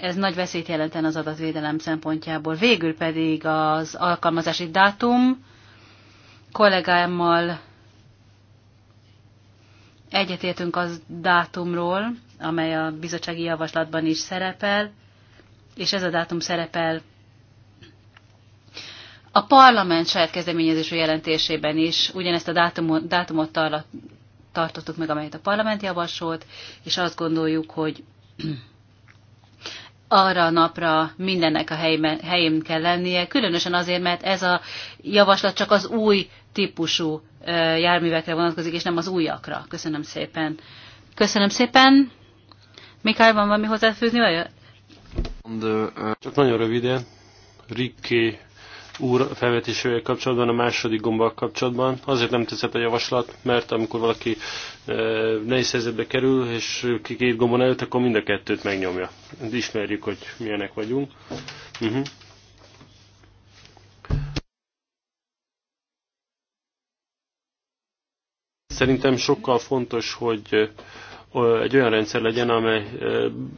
B: ez nagy veszélyt jelenten az adatvédelem szempontjából. Végül pedig az alkalmazási dátum kollégámmal Egyetértünk az dátumról, amely a bizottsági javaslatban is szerepel, és ez a dátum szerepel a parlament saját kezdeményezésű jelentésében is ugyanezt a dátumot, dátumot tartottuk meg, amelyet a parlament javasolt, és azt gondoljuk, hogy arra a napra mindennek a helyben, helyén kell lennie, különösen azért, mert ez a javaslat csak az új típusú járművekre vonatkozik, és nem az újakra. Köszönöm szépen. Köszönöm szépen. Mikály, van valami hozzáfűzni? Vagy?
A: Csak nagyon röviden. Rikké úr felvetésével kapcsolatban, a második gombak kapcsolatban. Azért nem tetszett a javaslat, mert amikor valaki e, nehéz helyzetbe kerül, és két gombon előtt, akkor mind a kettőt megnyomja. Ismerjük, hogy milyenek vagyunk. Uh mhm. -huh. Szerintem sokkal fontos, hogy egy olyan rendszer legyen, amely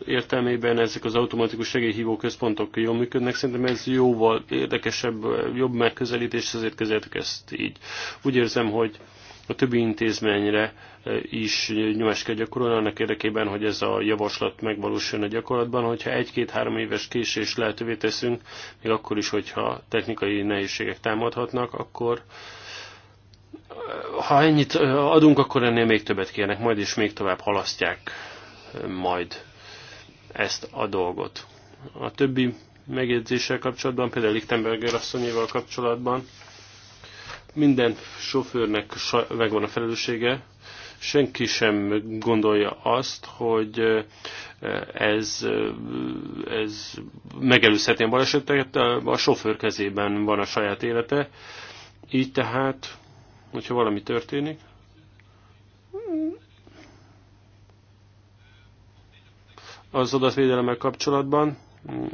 A: értelmében ezek az automatikus segélyhívó központok jól működnek. Szerintem ez jóval érdekesebb, jobb megközelítés, ezért kezeltük ezt így. Úgy érzem, hogy a többi intézményre is nyomást kell gyakorolni annak érdekében, hogy ez a javaslat megvalósuljon a gyakorlatban, hogyha egy-két-három éves késés lehetővé teszünk, még akkor is, hogyha technikai nehézségek támadhatnak, akkor ha ennyit adunk, akkor ennél még többet kérnek, majd és még tovább halasztják majd ezt a dolgot. A többi megjegyzéssel kapcsolatban, például Lichtenberger asszonyival kapcsolatban, minden sofőrnek megvan a felelőssége, senki sem gondolja azt, hogy ez, ez megelőzheti a baleseteket, a sofőr kezében van a saját élete, így tehát hogyha valami történik. Az adatvédelemmel kapcsolatban mm,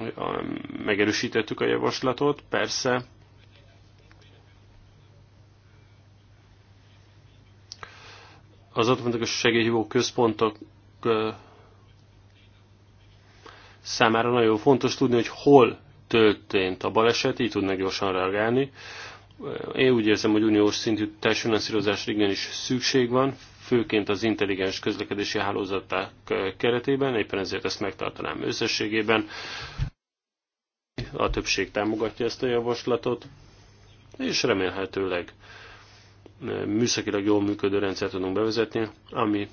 A: megerősítettük a javaslatot, persze az automatikus segélyhívó központok számára nagyon fontos tudni, hogy hol történt a baleset, így tudnak gyorsan reagálni. Én úgy érzem, hogy uniós szintű társfinanszírozásra igenis szükség van, főként az intelligens közlekedési hálózaták keretében, éppen ezért ezt megtartanám összességében. A többség támogatja ezt a javaslatot, és remélhetőleg műszakilag jól működő rendszert tudunk bevezetni, ami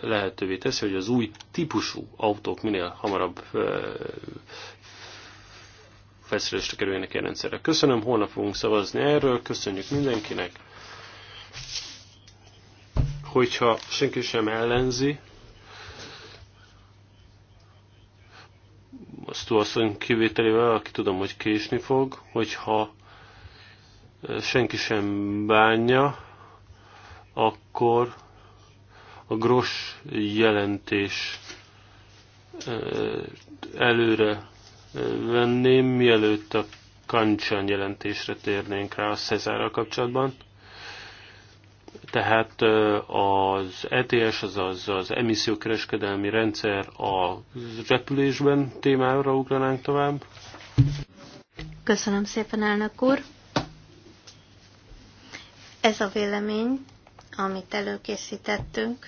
A: lehetővé teszi, hogy az új típusú autók minél hamarabb felszerelésre kerüljenek ilyen rendszerre. Köszönöm, holnap fogunk szavazni erről, köszönjük mindenkinek. Hogyha senki sem ellenzi, azt asszony kivételével, aki tudom, hogy késni fog, hogyha senki sem bánja, akkor a gros jelentés előre venném, mielőtt a Kancsán jelentésre térnénk rá a Cezárral kapcsolatban. Tehát az ETS, azaz az emissziókereskedelmi rendszer a repülésben témára ugranánk tovább.
C: Köszönöm szépen, elnök úr! Ez a vélemény, amit előkészítettünk,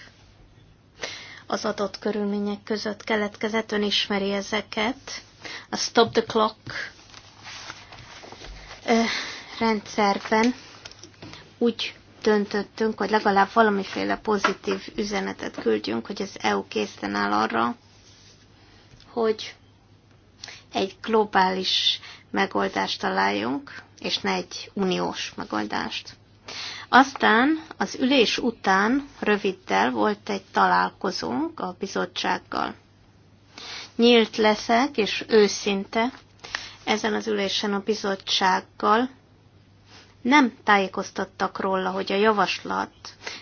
C: az adott körülmények között keletkezett, ön ismeri ezeket, a stop the clock rendszerben úgy döntöttünk, hogy legalább valamiféle pozitív üzenetet küldjünk, hogy az EU készen áll arra, hogy egy globális megoldást találjunk, és ne egy uniós megoldást. Aztán az ülés után röviddel volt egy találkozónk a bizottsággal nyílt leszek, és őszinte ezen az ülésen a bizottsággal nem tájékoztattak róla, hogy a javaslat,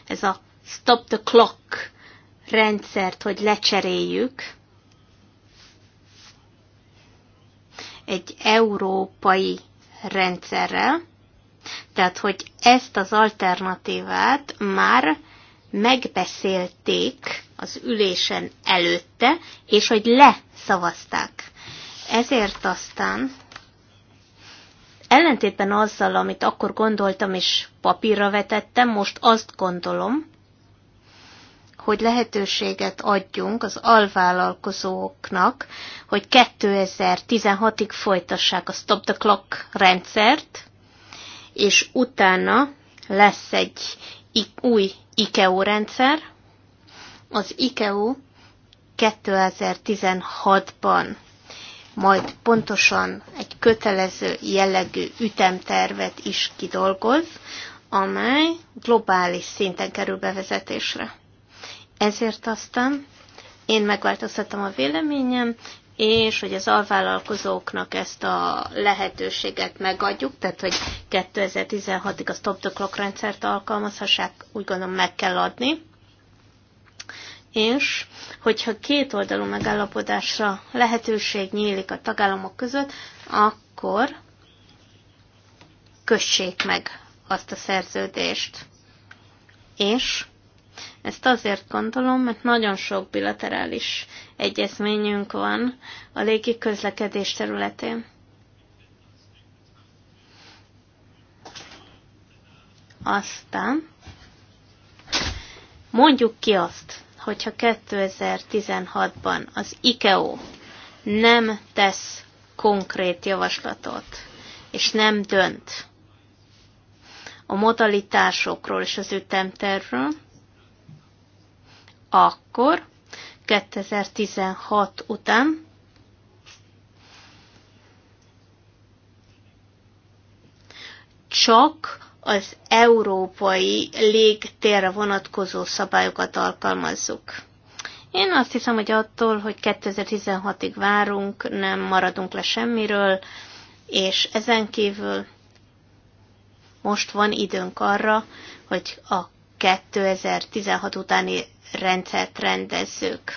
C: ez a stop the clock rendszert, hogy lecseréljük, egy európai rendszerrel, tehát hogy ezt az alternatívát már megbeszélték az ülésen előtte, és hogy leszavazták. Ezért aztán ellentétben azzal, amit akkor gondoltam és papírra vetettem, most azt gondolom, hogy lehetőséget adjunk az alvállalkozóknak, hogy 2016-ig folytassák a Stop the Clock rendszert, és utána lesz egy új IKEO rendszer, az IKEO 2016-ban majd pontosan egy kötelező jellegű ütemtervet is kidolgoz, amely globális szinten kerül bevezetésre. Ezért aztán én megváltoztattam a véleményem, és hogy az alvállalkozóknak ezt a lehetőséget megadjuk, tehát hogy 2016-ig a stop the clock rendszert alkalmazhassák, úgy gondolom meg kell adni és hogyha két oldalú megállapodásra lehetőség nyílik a tagállamok között, akkor kössék meg azt a szerződést. És ezt azért gondolom, mert nagyon sok bilaterális egyezményünk van a légi közlekedés területén. Aztán mondjuk ki azt, hogyha 2016-ban az IKEO nem tesz konkrét javaslatot, és nem dönt a modalitásokról és az ütemtervről, akkor 2016 után csak az európai légtérre vonatkozó szabályokat alkalmazzuk. Én azt hiszem, hogy attól, hogy 2016-ig várunk, nem maradunk le semmiről, és ezen kívül most van időnk arra, hogy a 2016 utáni rendszert rendezzük.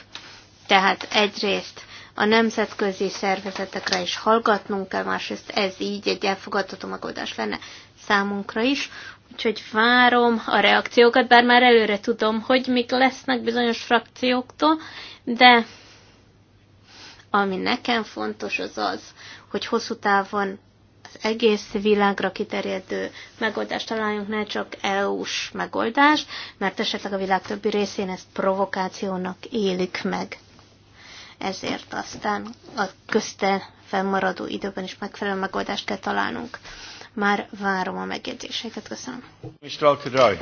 C: Tehát egyrészt a nemzetközi szervezetekre is hallgatnunk kell, másrészt ez így egy elfogadható megoldás lenne számunkra is, úgyhogy várom a reakciókat, bár már előre tudom, hogy mik lesznek bizonyos frakcióktól, de ami nekem fontos az az, hogy hosszú távon az egész világra kiterjedő megoldást találjunk, ne csak EU-s megoldást, mert esetleg a világ többi részén ezt provokációnak élik meg. Ezért aztán a közte fennmaradó időben is megfelelő megoldást kell találnunk. Már várom a megjegyzéseket. Köszönöm.
A: Mr. Alkadraj.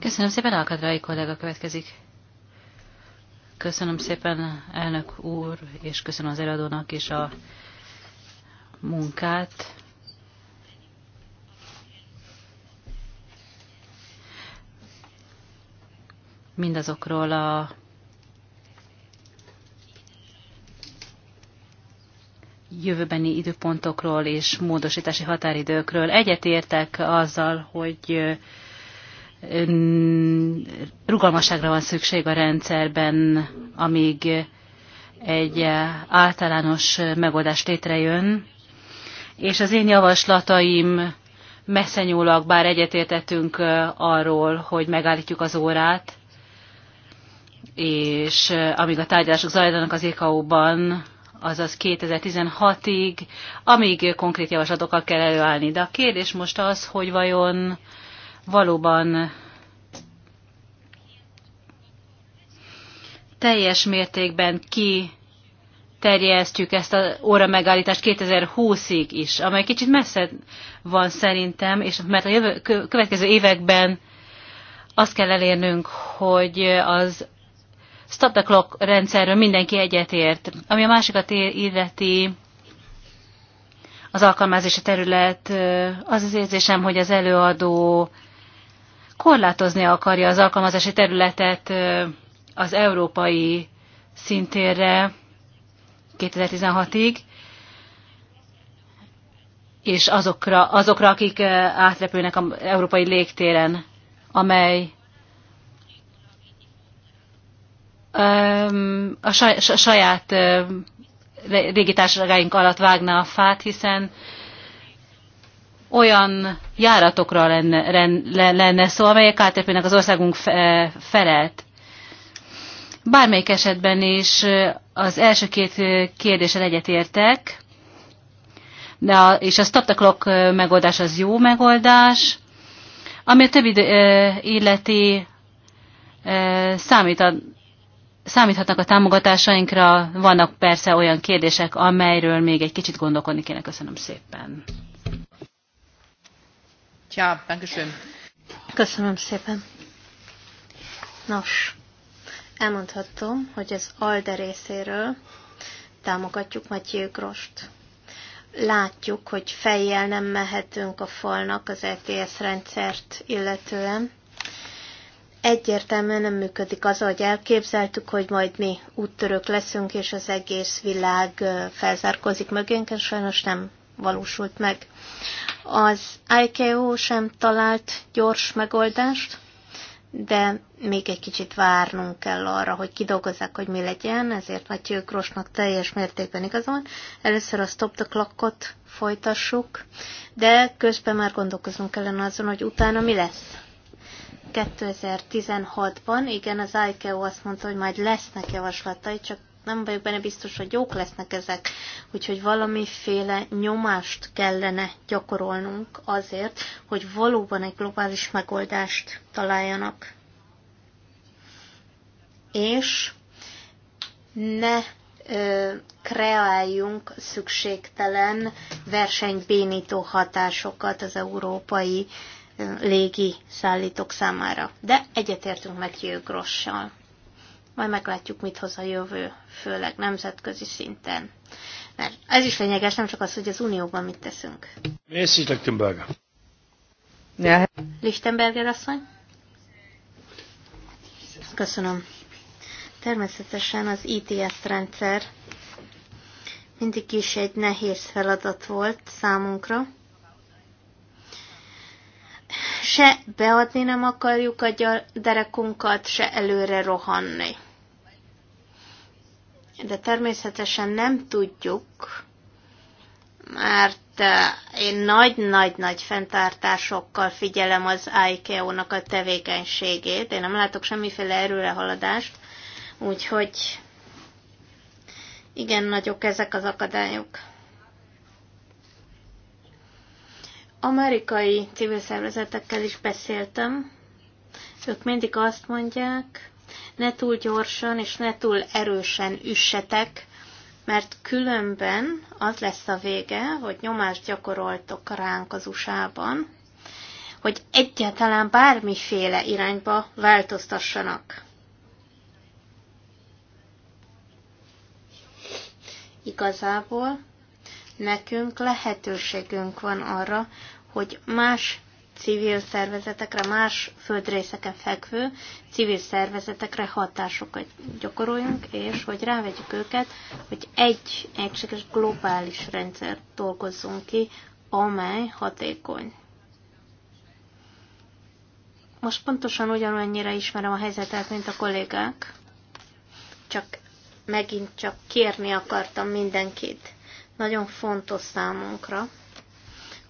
B: Köszönöm szépen, Alkadraj kollega következik. Köszönöm szépen, elnök úr, és köszönöm az eladónak is a munkát. Mindazokról a jövőbeni időpontokról és módosítási határidőkről. Egyetértek azzal, hogy rugalmasságra van szükség a rendszerben, amíg egy általános megoldás létrejön, és az én javaslataim messze nyúlak, bár egyetértettünk arról, hogy megállítjuk az órát, és amíg a tárgyalások zajlanak az ICAO-ban, azaz 2016-ig, amíg konkrét javaslatokkal kell előállni. De a kérdés most az, hogy vajon valóban teljes mértékben ki terjesztjük ezt az óra megállítást 2020-ig is, amely kicsit messze van szerintem, és mert a jövő, következő években azt kell elérnünk, hogy az stop the clock rendszerről mindenki egyetért. Ami a másikat illeti, az alkalmazási terület, az az érzésem, hogy az előadó korlátozni akarja az alkalmazási területet az európai szintérre 2016-ig, és azokra, azokra akik átrepülnek az európai légtéren, amely a saját régi társaságaink alatt vágná a fát, hiszen olyan járatokra lenne, lenne, lenne szó, amelyek átrepülnek az országunk felett. Bármelyik esetben is az első két kérdéssel egyetértek, de a, és a stop the clock megoldás az jó megoldás, ami a többi illeti számít a számíthatnak a támogatásainkra, vannak persze olyan kérdések, amelyről még egy kicsit gondolkodni kéne. Köszönöm szépen.
C: Tja, köszönöm. Köszönöm szépen. Nos, elmondhatom, hogy az ALDE részéről támogatjuk Matyi Grost. Látjuk, hogy fejjel nem mehetünk a falnak az ETS rendszert illetően, egyértelműen nem működik az, ahogy elképzeltük, hogy majd mi úttörők leszünk, és az egész világ felzárkozik mögénk, és sajnos nem valósult meg. Az IKO sem talált gyors megoldást, de még egy kicsit várnunk kell arra, hogy kidolgozzák, hogy mi legyen, ezért Matyi Grosnak teljes mértékben igazon. Először a Stop the Clockot folytassuk, de közben már gondolkozunk ellen azon, hogy utána mi lesz. 2016-ban. Igen, az ICAO azt mondta, hogy majd lesznek javaslatai, csak nem vagyok benne biztos, hogy jók lesznek ezek, úgyhogy valamiféle nyomást kellene gyakorolnunk azért, hogy valóban egy globális megoldást találjanak. És ne ö, kreáljunk szükségtelen versenybénító hatásokat az európai ö, légi szállítók számára. De egyetértünk meg Grossal. Majd meglátjuk, mit hoz a jövő, főleg nemzetközi szinten. Mert ez is lényeges, nem csak az, hogy az Unióban mit teszünk.
A: Mrs. Lichtenberger.
C: Ja. Lichtenberger asszony. Köszönöm. Természetesen az ITS e rendszer mindig is egy nehéz feladat volt számunkra, se beadni nem akarjuk a derekunkat, se előre rohanni. De természetesen nem tudjuk, mert eh, én nagy-nagy-nagy fenntartásokkal figyelem az ICAO-nak a tevékenységét. Én nem látok semmiféle erőre haladást, úgyhogy igen nagyok ezek az akadályok. amerikai civil szervezetekkel is beszéltem, ők mindig azt mondják, ne túl gyorsan és ne túl erősen üssetek, mert különben az lesz a vége, hogy nyomást gyakoroltok ránk az USA-ban, hogy egyáltalán bármiféle irányba változtassanak. Igazából Nekünk lehetőségünk van arra, hogy más civil szervezetekre, más földrészeken fekvő civil szervezetekre hatásokat gyakoroljunk, és hogy rávegyük őket, hogy egy egységes globális rendszer dolgozzunk ki, amely hatékony. Most pontosan ugyanannyira ismerem a helyzetet, mint a kollégák, csak megint csak kérni akartam mindenkit nagyon fontos számunkra,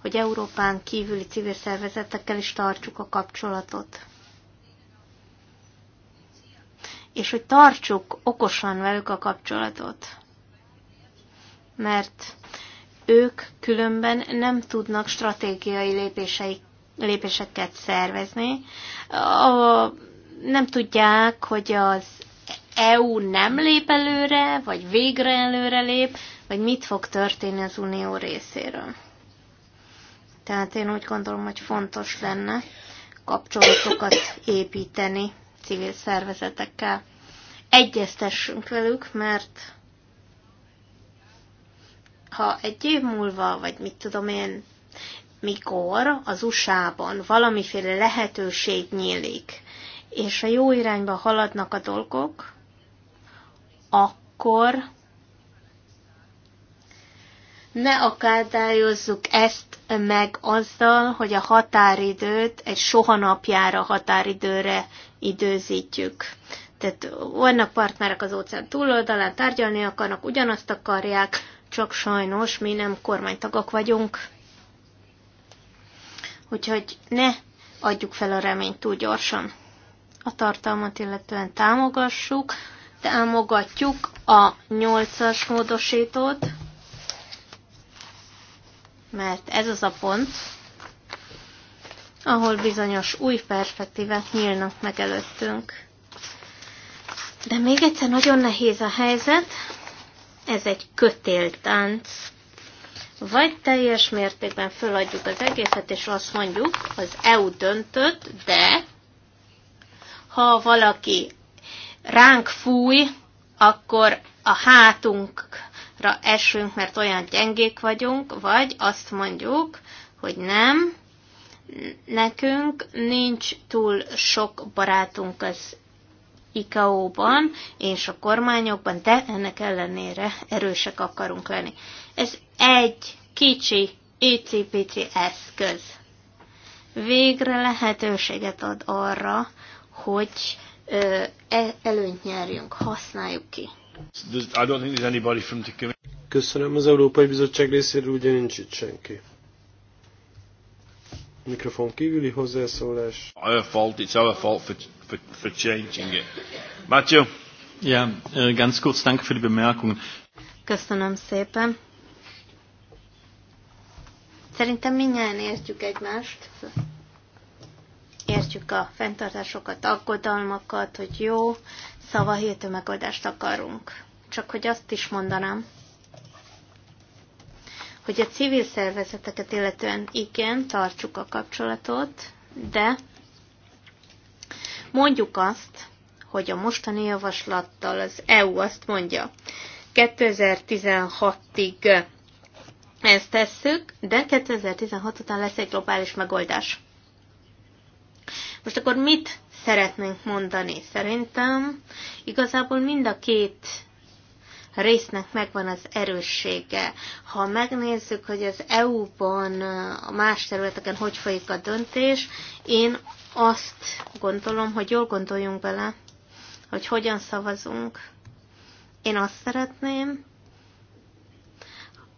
C: hogy Európán kívüli civil szervezetekkel is tartsuk a kapcsolatot. És hogy tartsuk okosan velük a kapcsolatot. Mert ők különben nem tudnak stratégiai lépéseik, lépéseket szervezni. A, nem tudják, hogy az EU nem lép előre, vagy végre előre lép, hogy mit fog történni az Unió részéről. Tehát én úgy gondolom, hogy fontos lenne kapcsolatokat építeni civil szervezetekkel. Egyeztessünk velük, mert ha egy év múlva, vagy mit tudom én, mikor az USA-ban valamiféle lehetőség nyílik, és a jó irányba haladnak a dolgok, akkor ne akadályozzuk ezt meg azzal, hogy a határidőt egy soha napjára határidőre időzítjük. Tehát vannak partnerek az óceán túloldalán, tárgyalni akarnak, ugyanazt akarják, csak sajnos mi nem kormánytagok vagyunk. Úgyhogy ne adjuk fel a reményt túl gyorsan. A tartalmat illetően támogassuk, támogatjuk a nyolcas módosítót, mert ez az a pont, ahol bizonyos új perspektívák nyílnak meg előttünk. De még egyszer nagyon nehéz a helyzet, ez egy kötéltánc. Vagy teljes mértékben föladjuk az egészet, és azt mondjuk, az EU döntött, de ha valaki ránk fúj, akkor a hátunk esünk, mert olyan gyengék vagyunk, vagy azt mondjuk, hogy nem, nekünk nincs túl sok barátunk az ICAO-ban és a kormányokban, de ennek ellenére erősek akarunk lenni. Ez egy kicsi icipici eszköz. Végre lehetőséget ad arra, hogy e-, előnyt nyerjünk, használjuk ki.
D: I don't think there's anybody from the Köszönöm, az Európai Bizottság részéről ugye nincs itt senki. Mikrofon kívüli hozzászólás.
A: Our fault, it's our fault for, for, for changing it. Matthew? Ja, yeah, äh, ganz kurz, danke für die Bemerkung.
C: Köszönöm szépen. Szerintem mindjárt értjük egymást. Értjük a fenntartásokat, aggodalmakat, hogy jó, szavahihető megoldást akarunk. Csak hogy azt is mondanám, hogy a civil szervezeteket illetően igen, tartsuk a kapcsolatot, de mondjuk azt, hogy a mostani javaslattal az EU azt mondja, 2016-ig ezt tesszük, de 2016 után lesz egy globális megoldás. Most akkor mit szeretnénk mondani? Szerintem igazából mind a két résznek megvan az erőssége. Ha megnézzük, hogy az EU-ban a más területeken hogy folyik a döntés, én azt gondolom, hogy jól gondoljunk bele, hogy hogyan szavazunk. Én azt szeretném,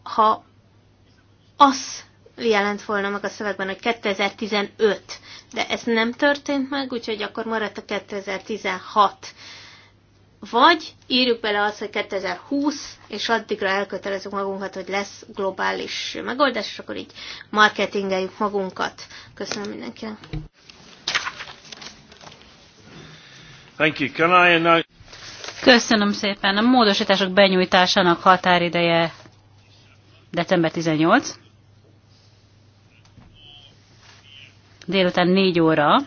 C: ha az jelent volna meg a szövegben, hogy 2015, de ez nem történt meg, úgyhogy akkor maradt a 2016 vagy írjuk bele azt, hogy 2020, és addigra elkötelezünk magunkat, hogy lesz globális megoldás, és akkor így marketingeljük magunkat. Köszönöm mindenkinek.
A: Thank you. Can
B: I now... Köszönöm szépen. A módosítások benyújtásának határideje december 18. Délután 4 óra,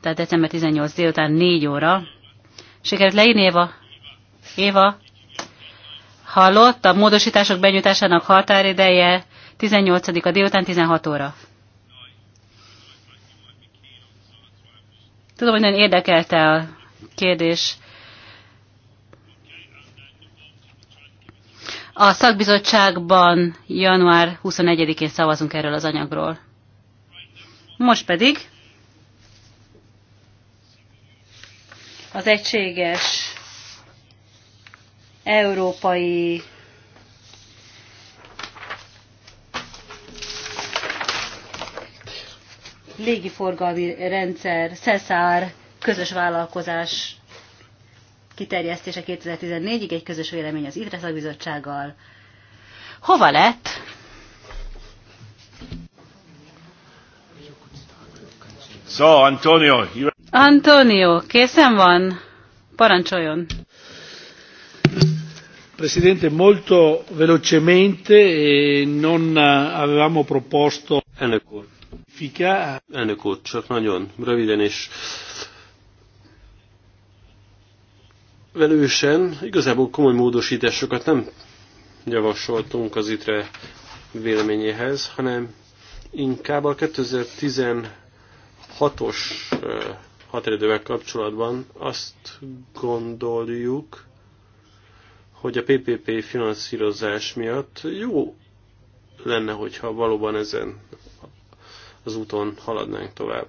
B: tehát december 18 délután 4 óra Sikerült leírni, Éva? Éva? Hallott, a módosítások benyújtásának határideje 18-a délután 16 óra. Tudom, hogy nagyon érdekelte a kérdés. A szakbizottságban január 21-én szavazunk erről az anyagról. Most pedig az egységes európai légiforgalmi rendszer, CESAR közös vállalkozás kiterjesztése 2014-ig, egy közös vélemény az ITRE szakbizottsággal. Hova lett?
A: So, Antonio, you...
B: Antonio, készen van? Parancsoljon.
D: Presidente, molto velocemente e non avevamo proposto... Elnök úr. Fika.
A: Elnök úr, csak nagyon röviden és velősen, igazából komoly módosításokat nem javasoltunk az ITRE véleményéhez, hanem inkább a 2016-os eh, határidővel kapcsolatban azt gondoljuk, hogy a PPP finanszírozás miatt jó lenne, hogyha valóban ezen az úton haladnánk tovább.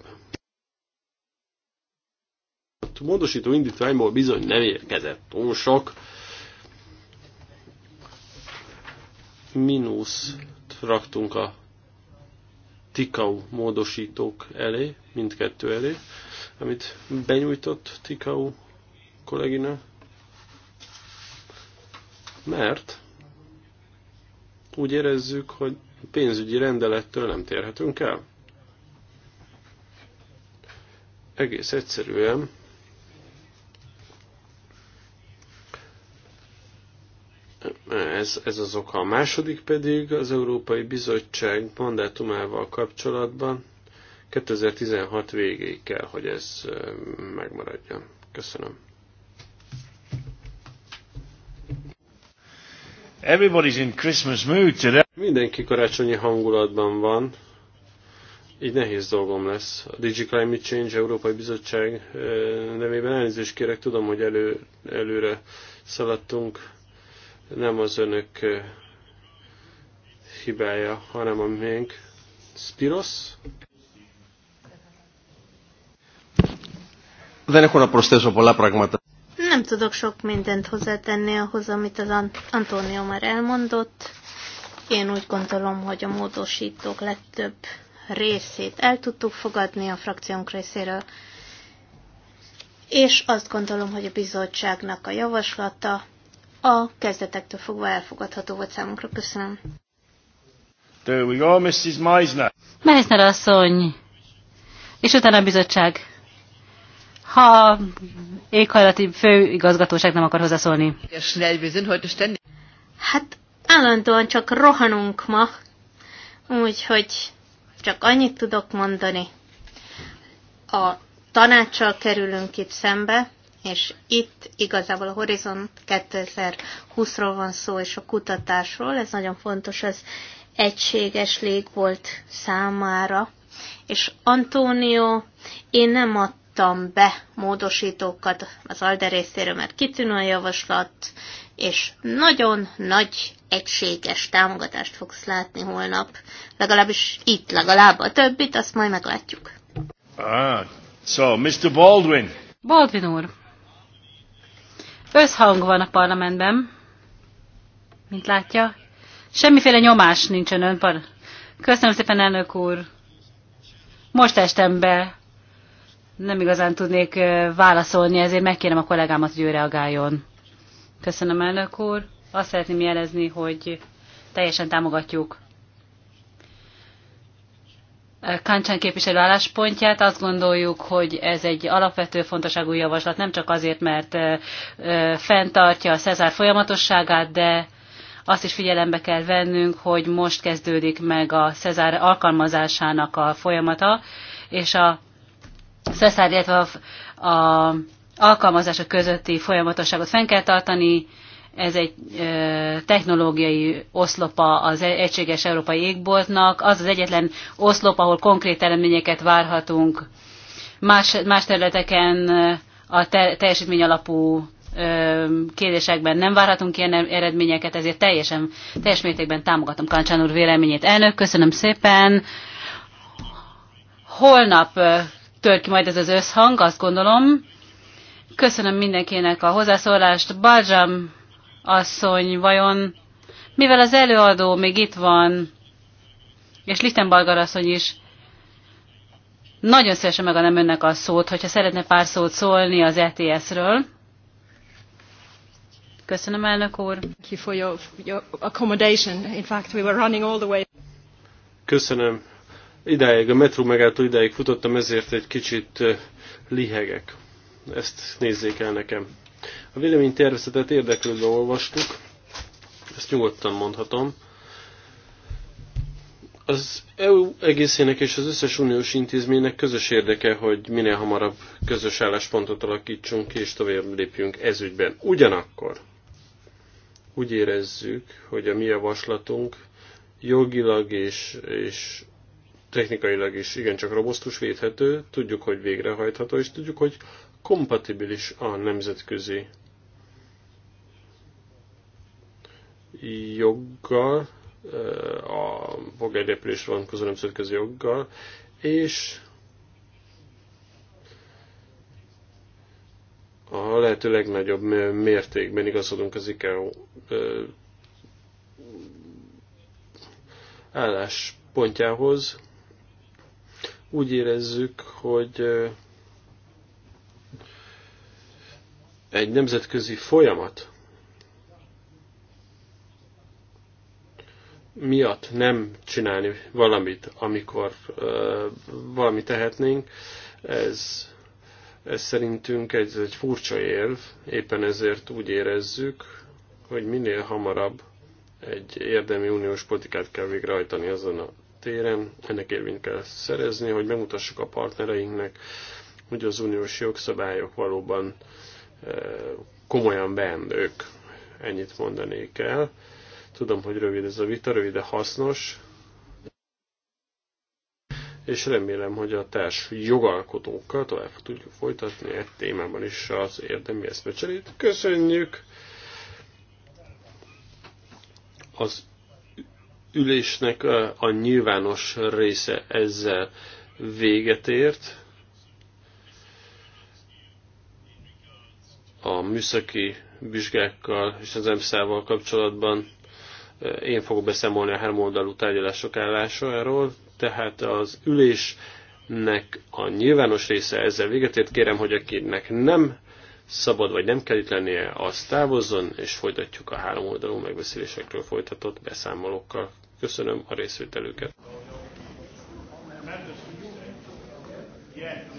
A: A módosító indítványból bizony nem érkezett túl sok. Minusz raktunk a tikau módosítók elé, mindkettő elé amit benyújtott
D: Tikau kollégina,
A: mert úgy érezzük, hogy pénzügyi rendelettől nem térhetünk el. Egész egyszerűen ez, ez az oka. A második pedig az Európai Bizottság mandátumával kapcsolatban 2016 végéig kell, hogy ez megmaradjon. Köszönöm. Everybody's in Christmas mood today. Mindenki karácsonyi hangulatban van. Így nehéz dolgom lesz. A Digi Climate Change Európai Bizottság nevében elnézést kérek, tudom, hogy elő, előre szaladtunk. Nem az önök hibája, hanem a miénk. Spiros?
D: Δεν έχω να προσθέσω πολλά πράγματα.
C: Nem tudok sok mindent hozzátenni ahhoz, amit az Antónió már elmondott. Én úgy gondolom, hogy a módosítók legtöbb részét el tudtuk fogadni a frakciónk részéről, és azt gondolom, hogy a bizottságnak a javaslata a kezdetektől fogva elfogadható volt számunkra. Köszönöm.
A: There we go, Mrs. Meisner.
B: Meisner asszony, és utána a bizottság ha éghajlati főigazgatóság nem akar hozzászólni.
C: Hát állandóan csak rohanunk ma, úgyhogy csak annyit tudok mondani. A tanácssal kerülünk itt szembe, és itt igazából a Horizont 2020-ról van szó, és a kutatásról, ez nagyon fontos, ez egységes lég volt számára. És Antonio, én nem a nyújtottam be módosítókat az ALDE részéről, mert kitűnő a javaslat, és nagyon nagy egységes támogatást fogsz látni holnap. Legalábbis itt, legalább a többit, azt majd meglátjuk.
A: Ah, so, Mr. Baldwin.
C: Baldwin
B: úr. Összhang van a parlamentben, mint látja. Semmiféle nyomás nincsen ön Köszönöm szépen, elnök úr. Most estem be nem igazán tudnék válaszolni, ezért megkérem a kollégámat, hogy ő reagáljon. Köszönöm, elnök úr. Azt szeretném jelezni, hogy teljesen támogatjuk Kancsán képviselő álláspontját. Azt gondoljuk, hogy ez egy alapvető fontosságú javaslat, nem csak azért, mert fenntartja a Cezár folyamatosságát, de azt is figyelembe kell vennünk, hogy most kezdődik meg a Cezár alkalmazásának a folyamata, és a szeszár, illetve a, a alkalmazások közötti folyamatosságot fenn kell tartani. Ez egy ö, technológiai oszlopa az e- egységes európai égboltnak. Az az egyetlen oszlop, ahol konkrét eredményeket várhatunk. Más, más területeken a te, teljesítmény alapú kérdésekben nem várhatunk ilyen eredményeket, ezért teljesen, teljes mértékben támogatom Kancsán úr véleményét. Elnök, köszönöm szépen. Holnap tör ki majd ez az összhang, azt gondolom. Köszönöm mindenkinek a hozzászólást. Balzsam asszony, vajon mivel az előadó még itt van, és Lichtenbalgar asszony is, nagyon szívesen nem önnek a szót, hogyha szeretne pár szót szólni az ETS-ről. Köszönöm, elnök úr.
A: Köszönöm ideig, a metró megálltó ideig futottam, ezért egy kicsit lihegek. Ezt nézzék el nekem. A véleménytervezetet érdeklődve olvastuk, ezt nyugodtan mondhatom. Az EU egészének és az összes uniós intézménynek közös érdeke, hogy minél hamarabb közös álláspontot alakítsunk ki, és tovább lépjünk ezügyben. Ugyanakkor úgy érezzük, hogy a mi javaslatunk jogilag és, és technikailag is igencsak robosztus, védhető, tudjuk, hogy végrehajtható, és tudjuk, hogy kompatibilis a nemzetközi joggal, eh, a van közül nemzetközi joggal, és a lehető legnagyobb mértékben igazodunk az ICAO eh, álláspontjához, úgy érezzük, hogy egy nemzetközi folyamat miatt nem csinálni valamit, amikor valamit tehetnénk, ez, ez szerintünk egy, egy furcsa érv, éppen ezért úgy érezzük, hogy minél hamarabb egy érdemi uniós politikát kell végrehajtani azon a téren. Ennek érvényt kell szerezni, hogy megmutassuk a partnereinknek, hogy az uniós jogszabályok valóban eh, komolyan beendők. Ennyit mondanék el. Tudom, hogy rövid ez a vita, rövid, de hasznos. És remélem, hogy a társ jogalkotókkal tovább tudjuk folytatni egy témában is az érdemi eszmecserét. Köszönjük! Az ülésnek a nyilvános része ezzel véget ért. A műszaki vizsgákkal és az EMSZ-val kapcsolatban én fogok beszámolni a háromoldalú tárgyalások állásáról, tehát az ülésnek a nyilvános része ezzel véget ért. Kérem, hogy akinek nem szabad vagy nem kell itt lennie, az távozzon, és folytatjuk a három oldalú megbeszélésekről folytatott beszámolókkal. Köszönöm a részvételüket! Yeah.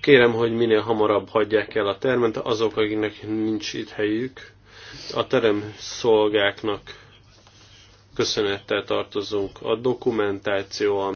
A: Kérem, hogy minél hamarabb hagyják el a termet, azok, akiknek nincs itt helyük. A terem szolgáknak köszönettel tartozunk. A dokumentáció,